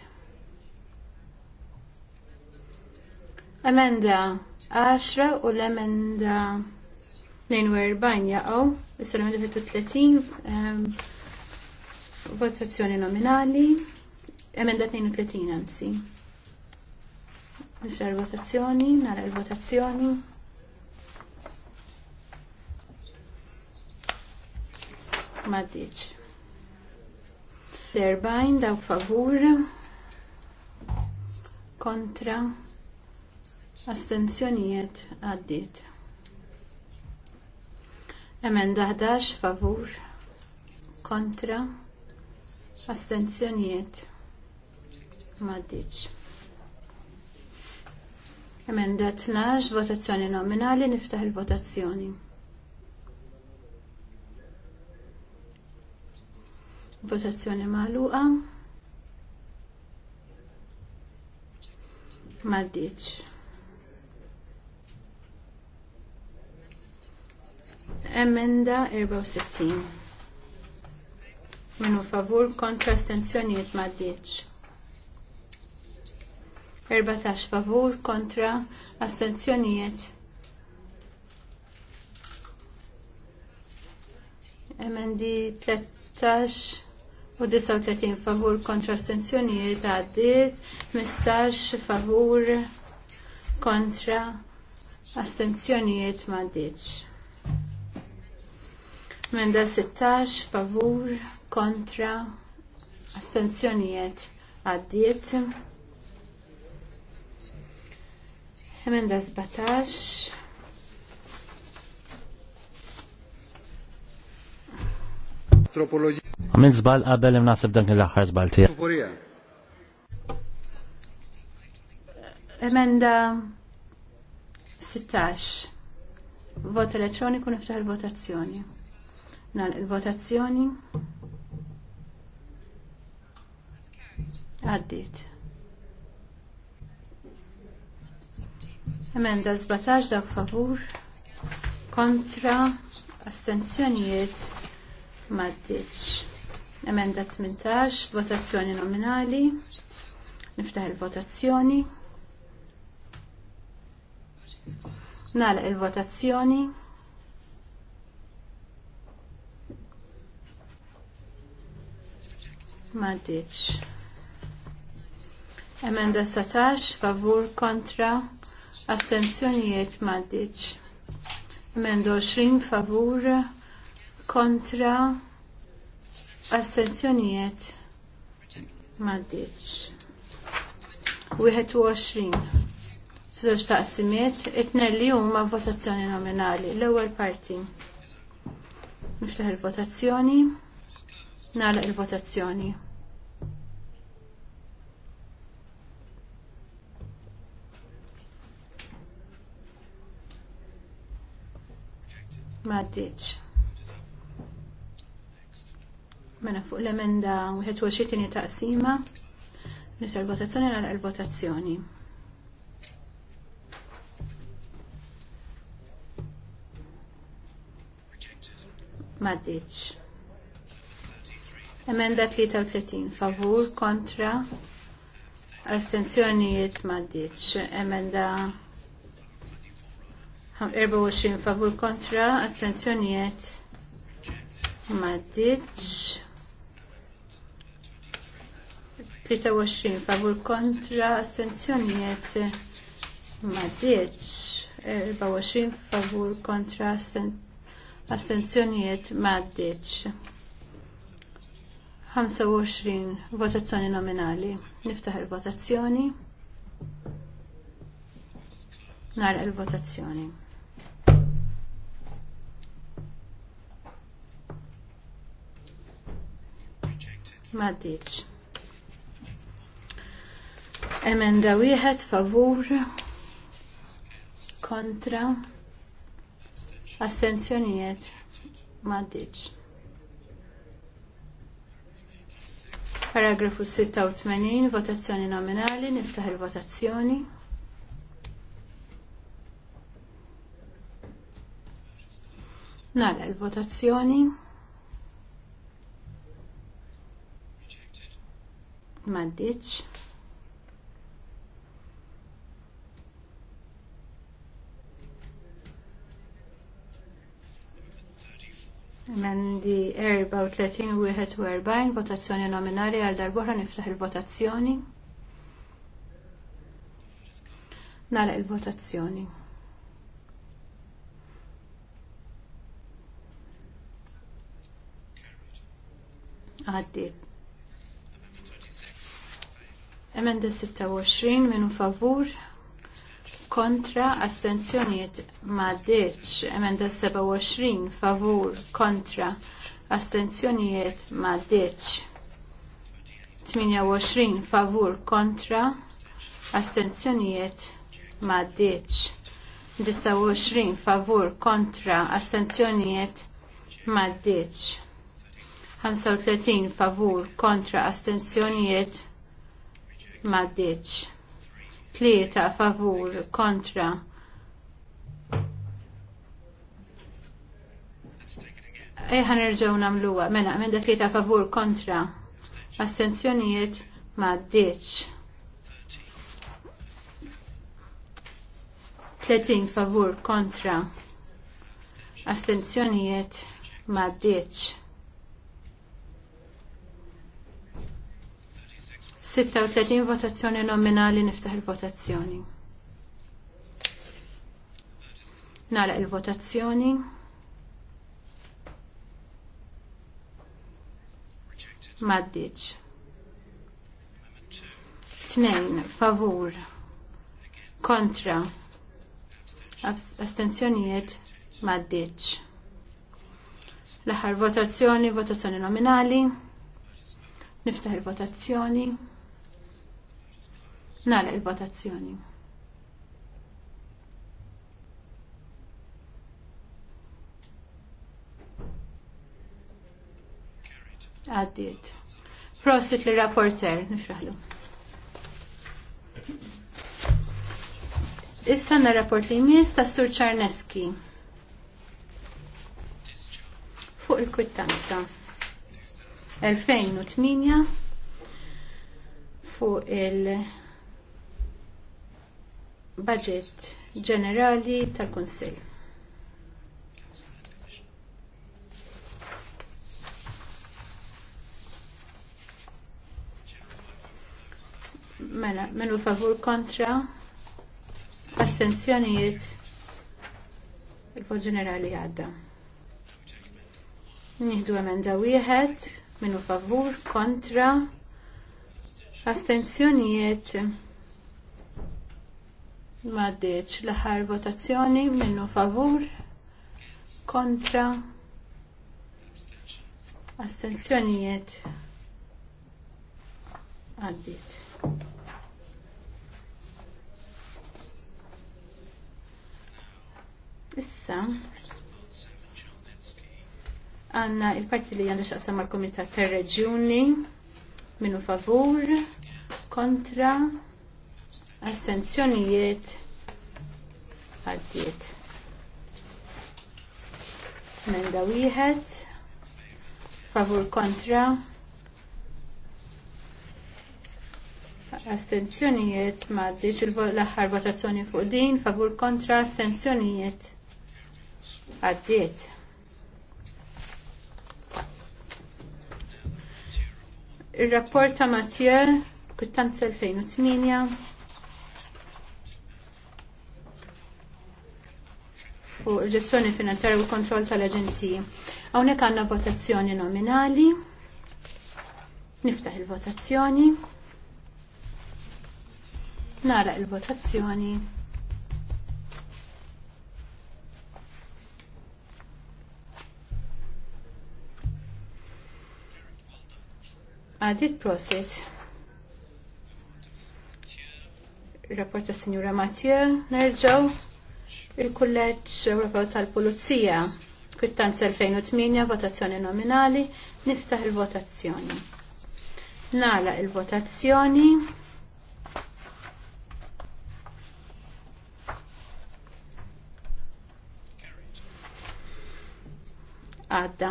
Emenda 10 u l-emenda 42 jaqgħu, issa l-emenda 30 votazzjoni nominali. Emenda 32 anzi. Nifra l-votazzjoni, nara l-votazzjoni. Maddiċ. Derbajn daw favur kontra astenzjonijiet għaddit. Emenda 11 favur kontra astenzjonijiet Maddiċ. Emenda 12, votazzjoni nominali, niftaħ il-votazzjoni. Votazzjoni maluqa. Maddiċ. Emenda 64. Minu favur kontra stenzjoniet maddiċ. 14 favur kontra astenzjonijiet. Emendi 13 u 39 favur kontra astenzjonijiet għaddit, 15 favur kontra astenzjonijiet maddit. Menda 16 favur kontra astenzjonijiet għaddit. Emenda 17. Għamil zbal qabel imnasib dan l-axar zbal tija. Emenda 16. Vot elettroniku niftaħ il-votazzjoni. Nal il-votazzjoni. Għaddit. Emenda 17 dak favur kontra astenzjonijiet maddiċ. Emenda 18 votazzjoni nominali. Niftaħ il-votazzjoni. Nagħlaq il-votazzjoni. Maddiċ. Emenda 17 favur kontra Astenzjonijiet maddiċ. Emenda 20 favur kontra astenzjonijiet maddiċ. 21. Żewġ taqsimiet, it-tnejn li huma votazzjoni nominali. L-ewwel parti. Niftaħ il-votazzjoni, nagħlaq il-votazzjoni. ma għaddiċ. Mena fuq l-emenda 21 taqsima, nisa l-votazzjoni għal l-votazzjoni. Maddiċ. Emenda 33, favur, kontra, astenzjonijiet maddiċ. Emenda 24 favur kontra astenzjonijiet maddiċ 23 favur kontra astenzjonijiet maddiċ 24 favur kontra astenzjoniet. maddiċ 25 votazzjoni nominali niftaħ il-votazzjoni nara il-votazzjoni Maddiċ. Emenda wieħed favur kontra astenzjonijiet maddiċ. Paragrafu 86, votazzjoni nominali, niftaħ il-votazzjoni. Nara il-votazzjoni. Maddiċ. Mendi 34 u 41 votazzjoni nominali għal darbohra niftaħ il-votazzjoni. Nala il-votazzjoni. Għaddit. Emenda 26 minu favur kontra astenzjoniet ma deċ. Emenda 27 favur kontra astenzjoniet ma deċ. 28 favur kontra astenzjoniet ma deċ. 29 favur kontra astenzjonijiet maddiċ. 35 favur kontra astenzjonijiet maddiċ. Tlieta favur kontra Eħan irġaw namluwa, mena, minn da tlieta favur kontra. Astenzjonijiet ma' deċ. 30 favur kontra. Astenzjonijiet ma' deċ. 36 votazzjoni nominali niftaħ il-votazzjoni. Nara il-votazzjoni. Maddiċ. Tnejn, favur. Kontra. Astenzjonijiet, maddiċ. L-aħħar votazzjoni, votazzjoni nominali. Niftaħ il-votazzjoni. Nara il-votazzjoni. Għaddiet. Prostit li rapporter, nifraħlu. Issa na rapport li jmiss ta' Sur Czarneski. Fuq il-kwittanza. 2008 fuq il-, il budget ġenerali tal-Kunsill. Mela, menu favur kontra astenzjonijiet il-vot ġenerali għadda. Nieħdu emenda wieħed minu favur kontra astenzjonijiet Maddeċ l aħħar votazzjoni minnu favur kontra astenzjonijiet għaddit. Issa għanna il-parti li għandix xaqsam għal-Komitat ter-Reġjuni minnu favur kontra Astenzjonijiet għaddiet. Menda wieħed favur kontra astenzjonijiet m'għaddix l-aħħar votazzjoni fuq din favur kontra astenzjonijiet għaddiet. Il-rapport ta' Mathieu, kuttanza 2008, fuq il-ġestjoni finanzjarja u kontroll tal-Aġenziji. Hawnhekk għandna votazzjoni nominali. Niftaħ il-votazzjoni. Nara il-votazzjoni. Għadit prosit rapport ta' Sinjura Mathieu, nerġaw il-Kulleġġ Ewropew tal-Pulizija. Kwittanza 2008, votazzjoni nominali, niftaħ il-votazzjoni. Nala il-votazzjoni. Għadda.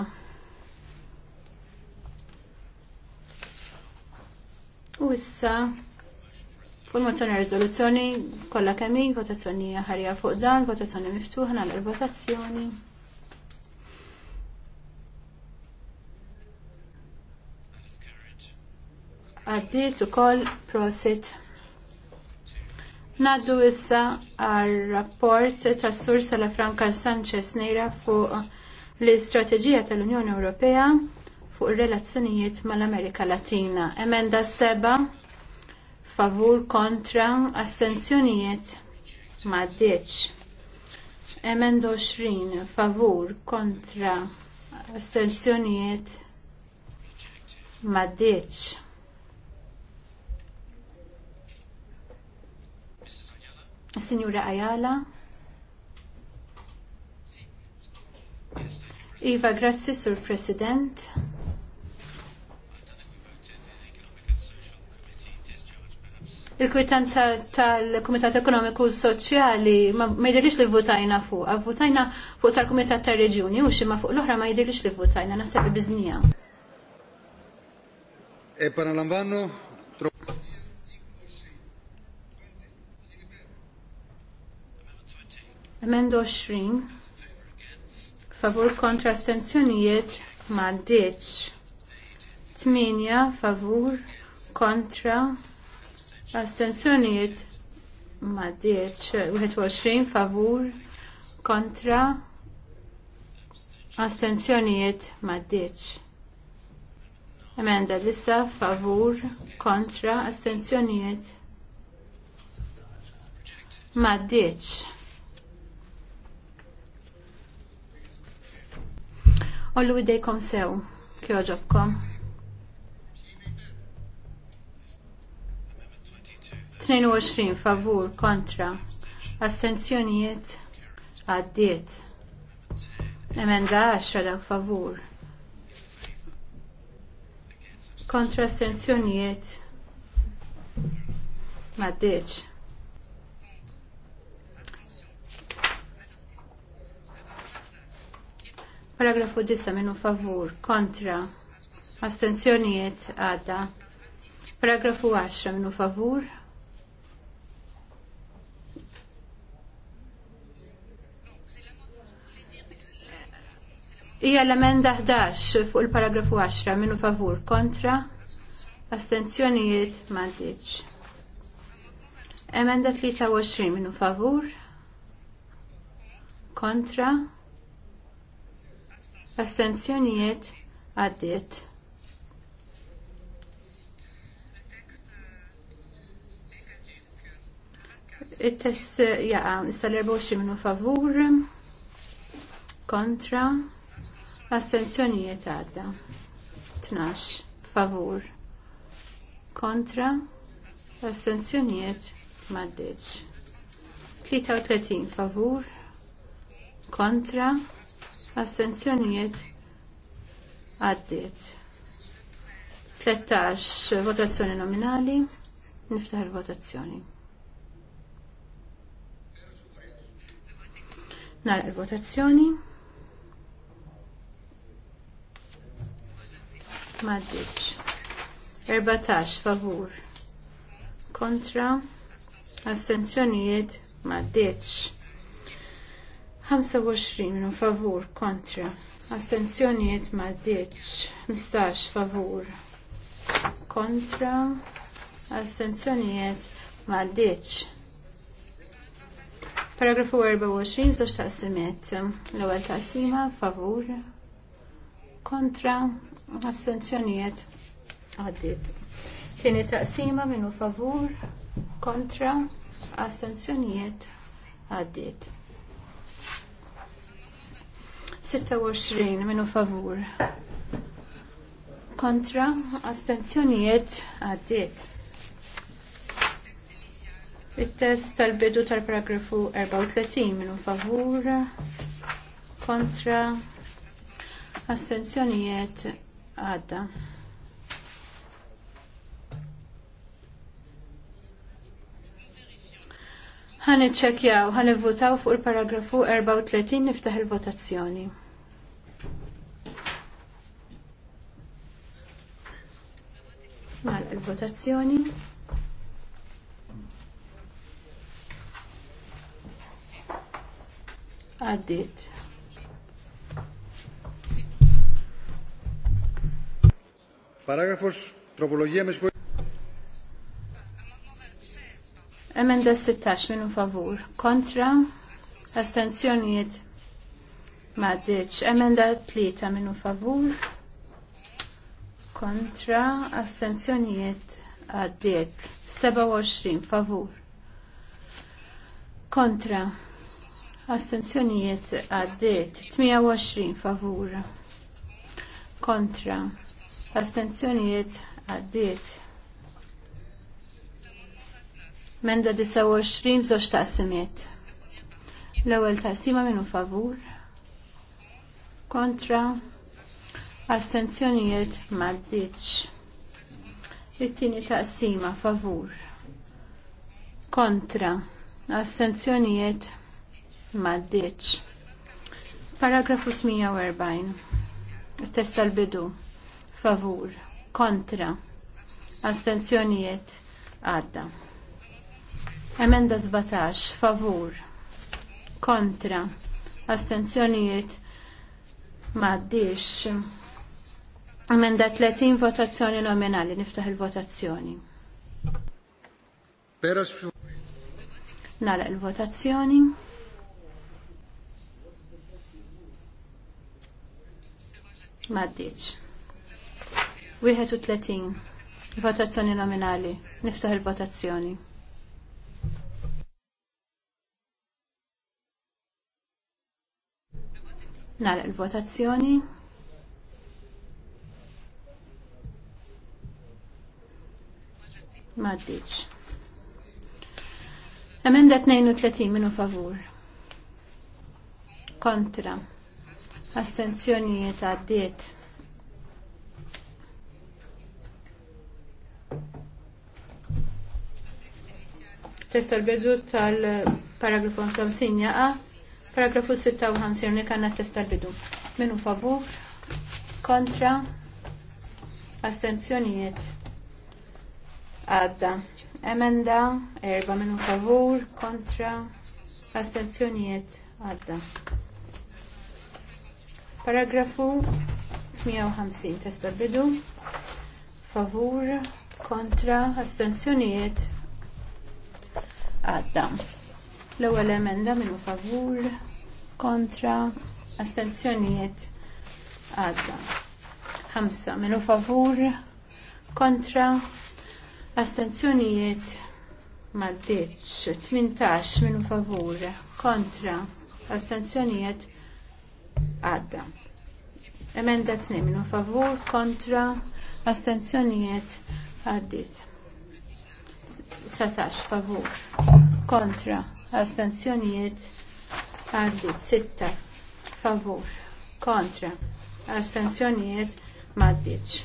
U issa Formazzjoni e riżoluzzjoni kollha kemm hi, votazzjoni ħarja fuq dan, votazzjoni miftuħa l votazzjoni. Għaddiet ukoll prosit. Naddu issa għal rapport tas Sur la Franca Sanchez Nera fuq l-istrateġija tal-Unjoni Ewropea fuq ir-relazzjonijiet mal-Amerika Latina. Emenda seba' favur kontra astenzjonijiet maddiċ. Emendo 20 favur kontra astenzjonijiet maddiċ. Signora Ayala. Iva, grazzi, Sur President. il-kwitanza tal-Kumitat Ekonomiku Soċjali ma jidhirx li votajna fuq, votajna fuq tal-Kumitat tar-Reġjuni u xi ma fuq l-oħra ma jidhirx li votajna naħseb biżnija. E Emendo 20 favur kontra stenzjonijiet ma' 10 8 favur kontra Astenzjonijiet ma dieċ 21 favur kontra astenzjonijiet ma dieċ. Emenda lissa favur kontra astenzjonijiet ma dieċ. Ollu id-dejkom sew, kjoġobkom. 22 favur kontra astenzjonijiet għaddiet. Emenda 10 dak favur. Kontra astenzjonijiet għaddiet. Paragrafu 10 minu favur, kontra, astenzjonijiet għadda. Paragrafu 10 minu favur, Hija l-emenda 11 fuq il-paragrafu 10 minu favur kontra astenzjonijiet m'għaddiċ. Emenda 23 minu favur kontra astenzjonijiet għaddiet. Il-test jaqa, issa l-24 minu favur, kontra, Astenzjonijiet għadda. 12. Favur. Kontra. Astenzjonijiet maddeċ. 33 favur. Kontra. Astenzjonijiet għaddiet. 13 votazzjoni nominali. Niftaħ il-votazzjoni. Nara il-votazzjoni. Maddiċ. 14 favur. Kontra. Astenzjonijiet. Maddiċ. 25 minu favur kontra. Astenzjonijiet maddiċ. 15 favur kontra. Astenzjonijiet maddiċ. Paragrafu 24, zoċ taqsimiet. L-ewel taqsima favur kontra astenzjonijiet għaddit. Tieni taqsima minnu favur kontra astenzjonijiet għaddit. 26 minnu favur kontra astenzjonijiet għaddit. Il-test tal-bidu tal-paragrafu 34 minnu favur kontra Astenzjonijiet għadda. Għan iċċekjaw, għan votaw fuq il-paragrafu 34 niftaħ il-votazzjoni. Mal il-votazzjoni. Għaddit. Paragrafos tropologija meċkur. Emenda 16 minu favur. Kontra. Astenzjonijiet. maddeċ. Emenda 3 minu favur. Kontra. Astenzjonijiet. Għaddiet. 27 favur. Kontra. Astenzjonijiet għaddiet. 28 favur. Kontra astenzjonijiet għaddiet. Menda 29 żewġ taqsimiet. L-ewwel taqsima minnu favur, kontra, astenzjonijiet m'għaddietx. It-tieni taqsima favur, kontra, astenzjonijiet m'għaddietx. Paragrafu 140. Testa test tal-bidu favur, kontra, astenzjonijiet għadda. Emenda 17, favur, kontra, astenzjonijiet maddix. Emenda 30, votazzjoni nominali, niftaħ il-votazzjoni. Nara il-votazzjoni. Maddiċ. 31. Votazzjoni nominali. Niftaħ il-votazzjoni. Nara il-votazzjoni. Maddiċ. Emenda 32 minu favur. Kontra. Astenzjonijiet għaddiet. Testa l-bidu tal-paragrafu 50 jaqa, paragrafu 56 unik għanna testa l-bidu. Minu favur, kontra, astenzjonijiet. Għadda. Emenda, erba minu favur, kontra, astenzjonijiet. Għadda. Paragrafu 58 testa l-bidu. Favur, kontra, astenzjonijiet għadda. L-ewwel emenda minnu favur kontra astenzjonijiet għadda. Ħamsa minnu favur kontra astenzjonijiet maddiċ 18 minu favur kontra astenzjonijiet għadda. Emenda 2 minu favur kontra astenzjonijiet għaddit satax favur kontra astenzjonijiet għaddit sitta favur kontra astenzjonijiet maddiċ.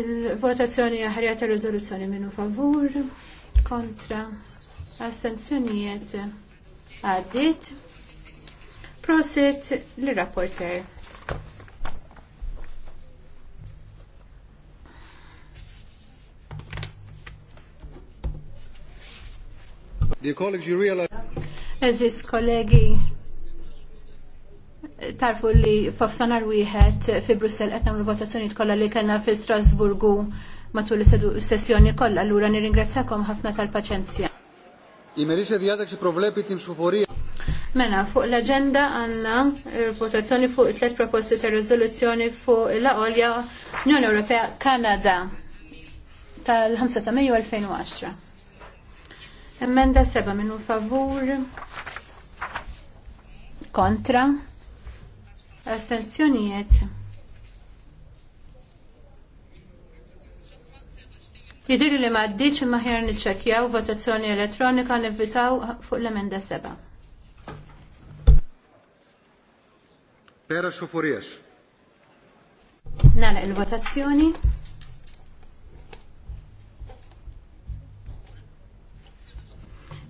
Il-votazzjoni aħrija ta' riżoluzzjoni minnu favur kontra astenzjonijiet għaddit. Prosit l-rapporter. Dear Eżis kollegi, tarfu li f'afsanar wieħed fi Brussel qed nagħmlu votazzjoni kollha li kellna fi Strasburgu matul is-sessjoni kollha, allura nirringrazzakom ħafna tal-paċenzja. Imerise diadax provlepi tim suforija. Mena, fuq l-agenda għanna votazzjoni fuq tlet proposti ta' rezoluzzjoni fuq l-għolja Unjoni Ewropea Kanada tal-5 ta' 2010. Emenda seba' minu favur kontra Astenzjoniet. Jidir li maddiċ maħjar nil-ċekjaw votazzjoni elettronika nivvitaw fuq l-emenda seba'. Pera xufurijax. Nala il-votazzjoni.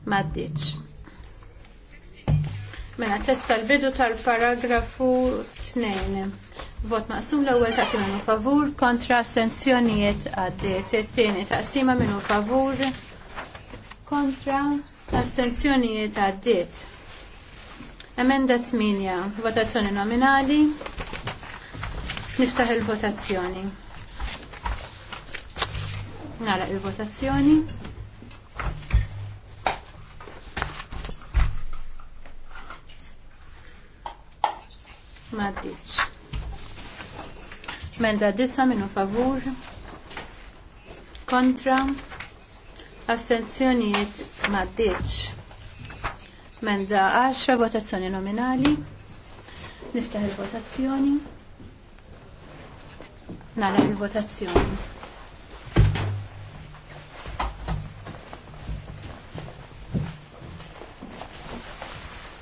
maddiċ. Mela, testa l-bidu tal-paragrafu 2. Vot maqsum l-ewwel taqsima minnu favur, kontra astenzjonijiet għaddiet. It-tieni taqsima minnu favur, kontra astenzjonijiet għaddiet. Emenda 8, votazzjoni nominali. Niftaħ il-votazzjoni. Nara il-votazzjoni. Maddiċ. Menda disa minu favur. Kontra. Astenzjonijiet maddiċ. Menda għaxra votazzjoni nominali. Niftaħ il-votazzjoni. Nara il-votazzjoni.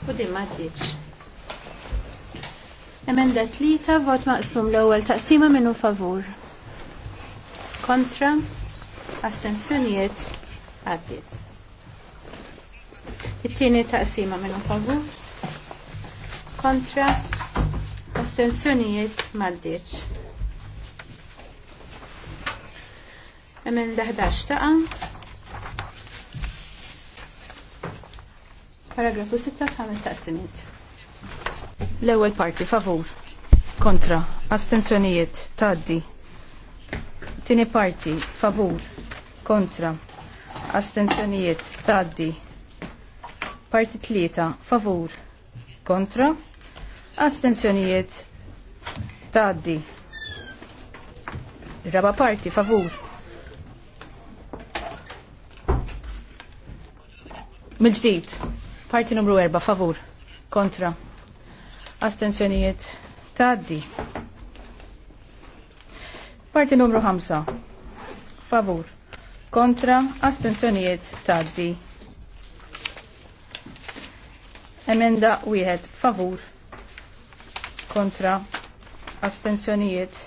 U din Emenda tlita, vot maqsum l-ewwel taqsima minnu favur. Kontra, astenzjonijiet, għaddiet. It-tieni taqsima minnu favur. Kontra, astenzjonijiet, maddiċ. Emenda 11 taqa. Paragrafu 6 5 taqsimiet. L-ewwel parti favur. Kontra. Astenzjonijiet taddi. Tini parti favur. Kontra. Astenzjonijiet taddi. Parti tlieta favur. Kontra. Astenzjonijiet taddi. Raba parti favur. Mil-ġdid. Parti numru erba' favur. Kontra astenzjonijiet taddi. Parti numru 5. Favur. Kontra astenzjonijiet taddi. Emenda wieħed favur. Kontra astenzjonijiet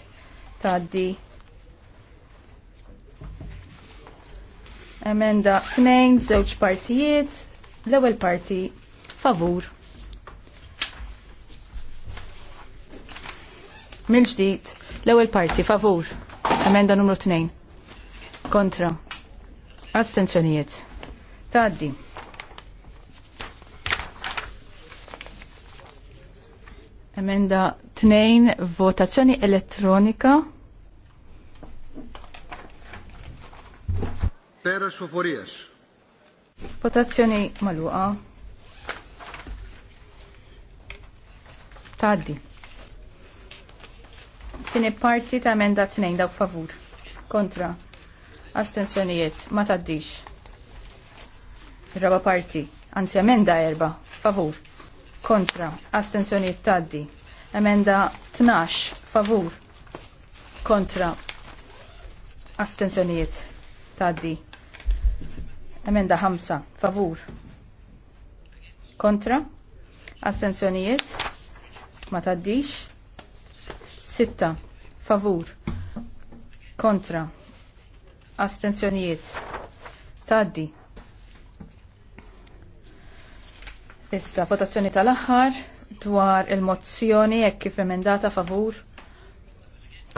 taddi. Emenda 2 żewġ partijiet. L-ewwel parti favur mill ġdid l-ewwel parti favur. Emenda numru 2. Kontra. Astenzjonijiet. Taddi. Emenda 2 votazzjoni elettronika. Pera Soforijas. Votazzjoni maluqa. Taddi. Tini parti ta' emenda tnejn dawk favur. Kontra. Astenzjonijiet. Ma taddix. Raba parti. Anzi, emenda erba. Favur. Kontra. Astenzjonijiet taddi. Emenda tnax, Favur. Kontra. Astenzjonijiet. Taddi. Emenda ħamsa, Favur. Kontra. Astenzjonijiet. Ma taddix Sitta. Favur. Kontra. Astenzjonijiet. Taddi. Issa, votazzjoni tal-aħħar dwar il-mozzjoni jekk kif emendata favur.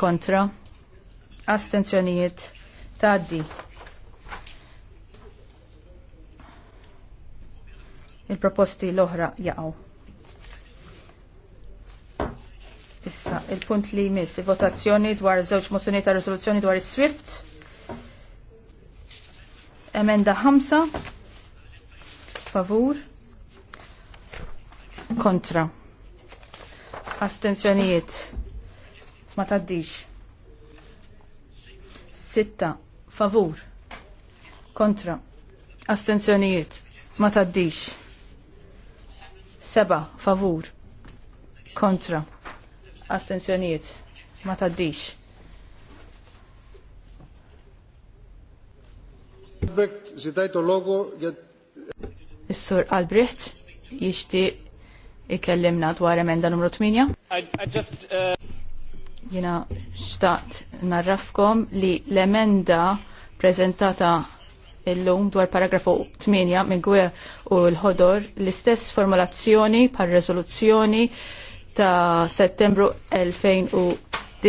Kontra. Astenzjonijiet. Taddi. il-proposti l-oħra jaqgħu. Issa, il-punt li jmiss, il-votazzjoni dwar żewġ mozzjoni ta' rezoluzzjoni dwar is-Swift. Emenda 5. Favur. Kontra. Astenzjonijiet. Ma taddix. Sitta. Favur. Kontra. Astenzjonijiet. Ma taddix. Seba. Favur. Kontra Astensjonijiet. Ma taddix. Is-sur Albrecht jixtieq ikellimna dwar emenda numru 8. Uh, Jina xtaqt narrafkom li l-emenda prezentata il-lum dwar paragrafu 8 minn gwe u l-ħodor l-istess formulazzjoni par rezoluzzjoni ta' settembru 2009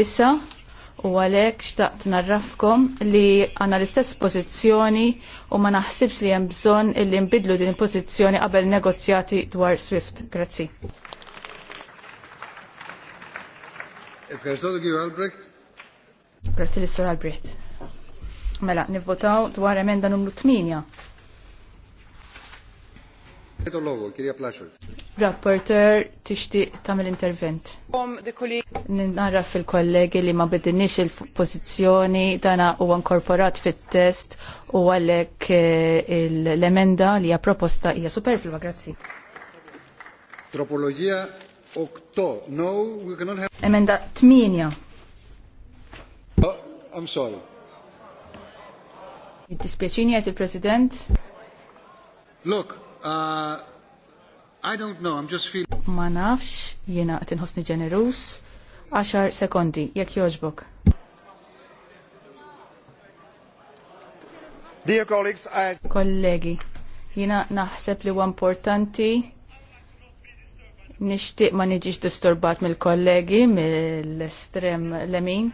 u għalek xtaqt narrafkom li għanna l-istess pozizjoni u ma naħsibx li hemm bżonn illi nbidlu din il-pozizjoni qabel negozjati dwar Swift. Grazzi. Grazzi l-Sur Albrecht. Mela, nivvotaw dwar emenda numru 8. Rapporter tixtieq tagħmel intervent. Nara fil-kollegi li ma bidinix il pozizjoni dana u inkorporat fil test u għalek eh, l-emenda li hija proposta hija superflua, grazzi. Tropologija 8. No, we cannot have... Emenda 8. Oh, I'm sorry. Id-dispjaċini għet il-President? Look, Uh, I don't know, I'm just feeling... Ma nafx, jena għatin hosni ġenerus. 10 sekondi, jekk joġbok. Dear colleagues, I... Kollegi, jiena naħseb li huwa importanti nixtieq ma niġix disturbat mill-kollegi mill-estrem lemin.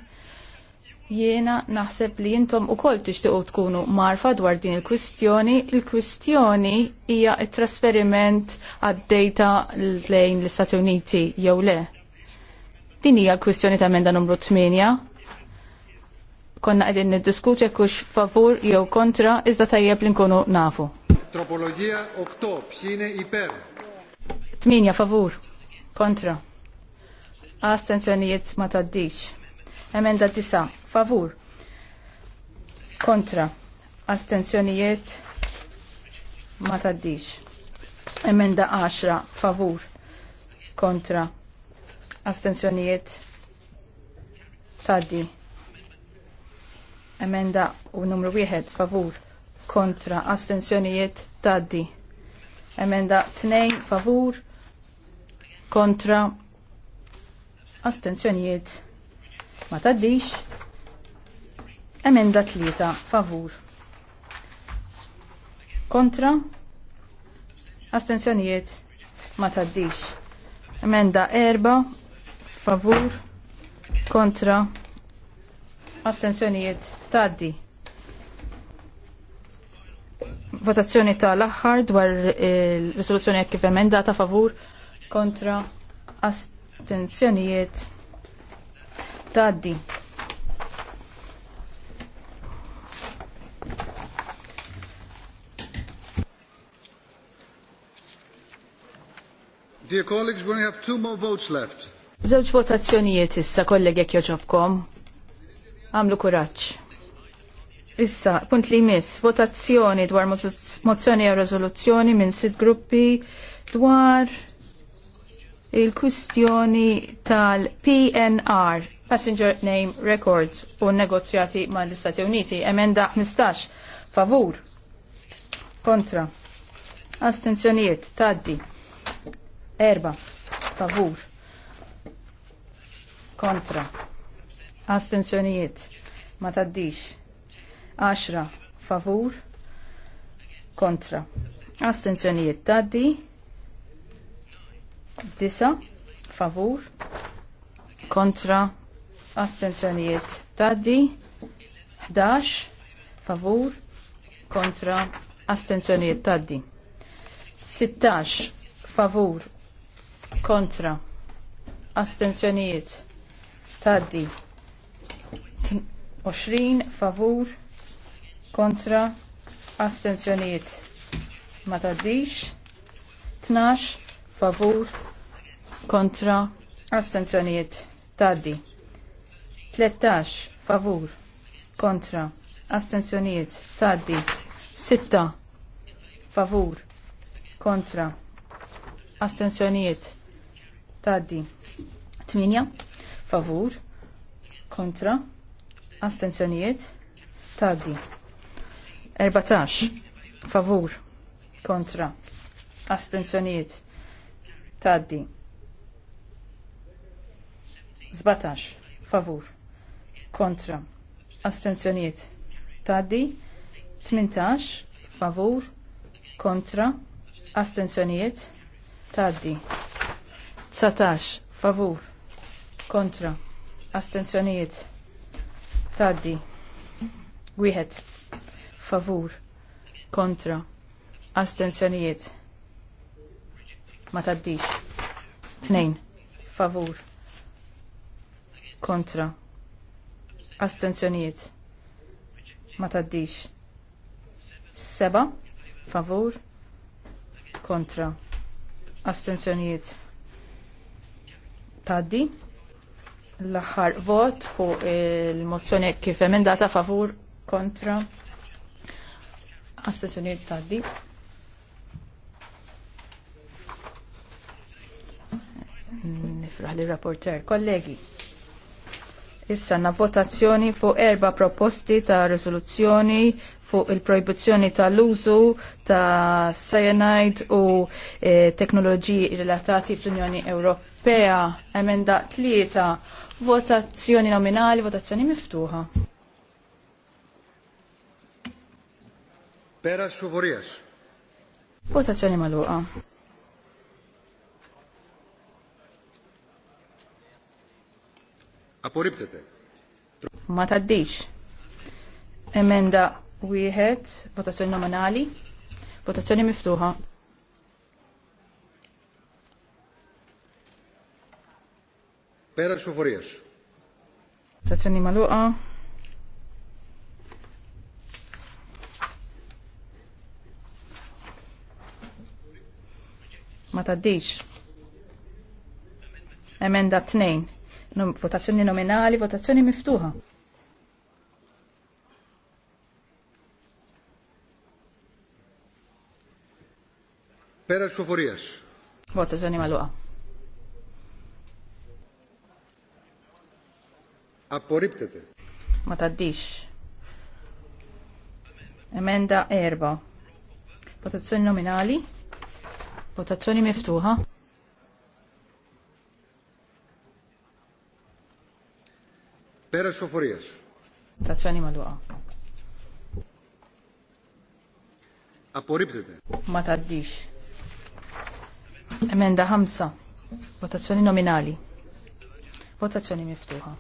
Jiena naħseb li jintom u kol tixtiqu tkunu marfa dwar din il-kwistjoni. Il-kwistjoni hija il-trasferiment għad-data lejn l-Istati Uniti jew le. Din hija l-kwistjoni ta' emenda numru 8. Konna qegħdin niddiskuti kux favur jew kontra iżda tajjeb li nkunu nafu. Tropologija 8 xine iper. 8 favur. Kontra. Astenzjonijiet ma taddix. Emenda 9. Favur. Kontra. Astenzjonijiet. Ma taddix. Emenda 10. Favur. Kontra. Astenzjonijiet. Taddi. Emenda u numru 1. Favur. Kontra. Astenzjonijiet. Taddi. Emenda 2. Favur. Kontra. Astenzjonijiet ma taddix. Emenda tlieta favur. Kontra. Astenzjonijiet ma taddix. Emenda erba favur. Kontra. Astenzjonijiet taddi. Votazzjoni ta' l-aħħar dwar il-risoluzzjoni eh, kif emendata favur kontra astenzjonijiet Taddi. Dear colleagues, we only have two more votes left. Żewġ votazzjonijiet issa, kollegi jekk joġobkom. Għamlu kuraġġ. Issa, punt li jmiss, votazzjoni dwar mozzjoni e rezoluzzjoni minn sit gruppi dwar il-kustjoni tal-PNR Passenger Name Records u negozjati ma' l-Istati Uniti. Emenda 15. Favur. Kontra. Astenzjonijiet. Taddi. Erba. Favur. Kontra. Astenzjonijiet. Ma taddix. Ashra. Favur. Kontra. Astenzjonijiet. Taddi. Disa. Favur. Kontra astenzjonijiet taddi 11 favur kontra astenzjonijiet taddi 16 favur kontra astenzjonijiet taddi 20 favur kontra astenzjonijiet ma taddix 12 favur kontra astenzjonijiet taddi 13 favur kontra astensjonijiet taddi 6 favur kontra astensjonijiet taddi 8 favur kontra astensjonijiet taddi 14 favur kontra astensjonijiet taddi 17 favur kontra astenzjonijiet taddi 18 favur kontra astenzjonijiet taddi 19 favur kontra astenzjonijiet taddi wieħed favur kontra astenzjonijiet ma taddix tnejn favur kontra astenzjonijiet ma taddix. Seba, favur, kontra, astenzjonijiet taddi. L-aħħar vot fuq il-mozzjoni kif emendata favur, kontra, astenzjonijiet taddi. Nifraħ li rapporter, kollegi. Issa na votazzjoni fuq erba proposti ta' rezoluzzjoni fuq il-proibizzjoni tal-użu ta' cyanide u e, teknoloġiji relatati fl-Unjoni Ewropea. Emenda tlieta votazzjoni nominali, votazzjoni miftuħa. Pera Votazzjoni maluqa. Ma taddix. Emenda wieħed, votazzjoni nominali, votazzjoni miftuħa. Pera l-xufuriex. Votazzjoni maluqa. Ma taddix. Emenda 2 votazzjoni nominali, votazzjoni miftuħa. Pera l-xufurijas. Votazzjoni maluqa. Apporibtete. Ma taddix. Emenda erba. Votazzjoni nominali. Votazzjoni miftuħa. Peres Fofurijas. Tazzjoni maluqa. Apporibtete. Ma taddix. Emenda ħamsa. Votazzjoni nominali. Votazzjoni miftuħa.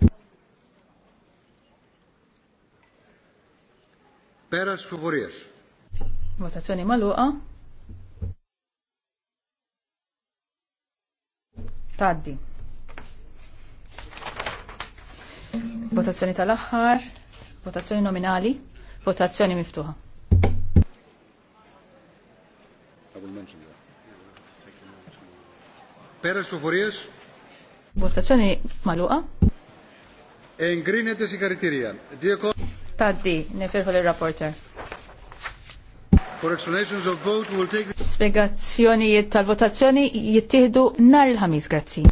Peras Fofurijas. Votazzjoni maluqa. Taddi. Votazzjoni tal-aħħar, votazzjoni nominali, votazzjoni miftuħa. Pera suforijas? Votazzjoni maluqa. Engrinete sigariterija. Dieko. Taddi, nefirħu l-rapporter. For explanations of vote we'll take... the... Spiegazzjoni tal-votazzjoni jittihdu nar il-ħamis, grazzi.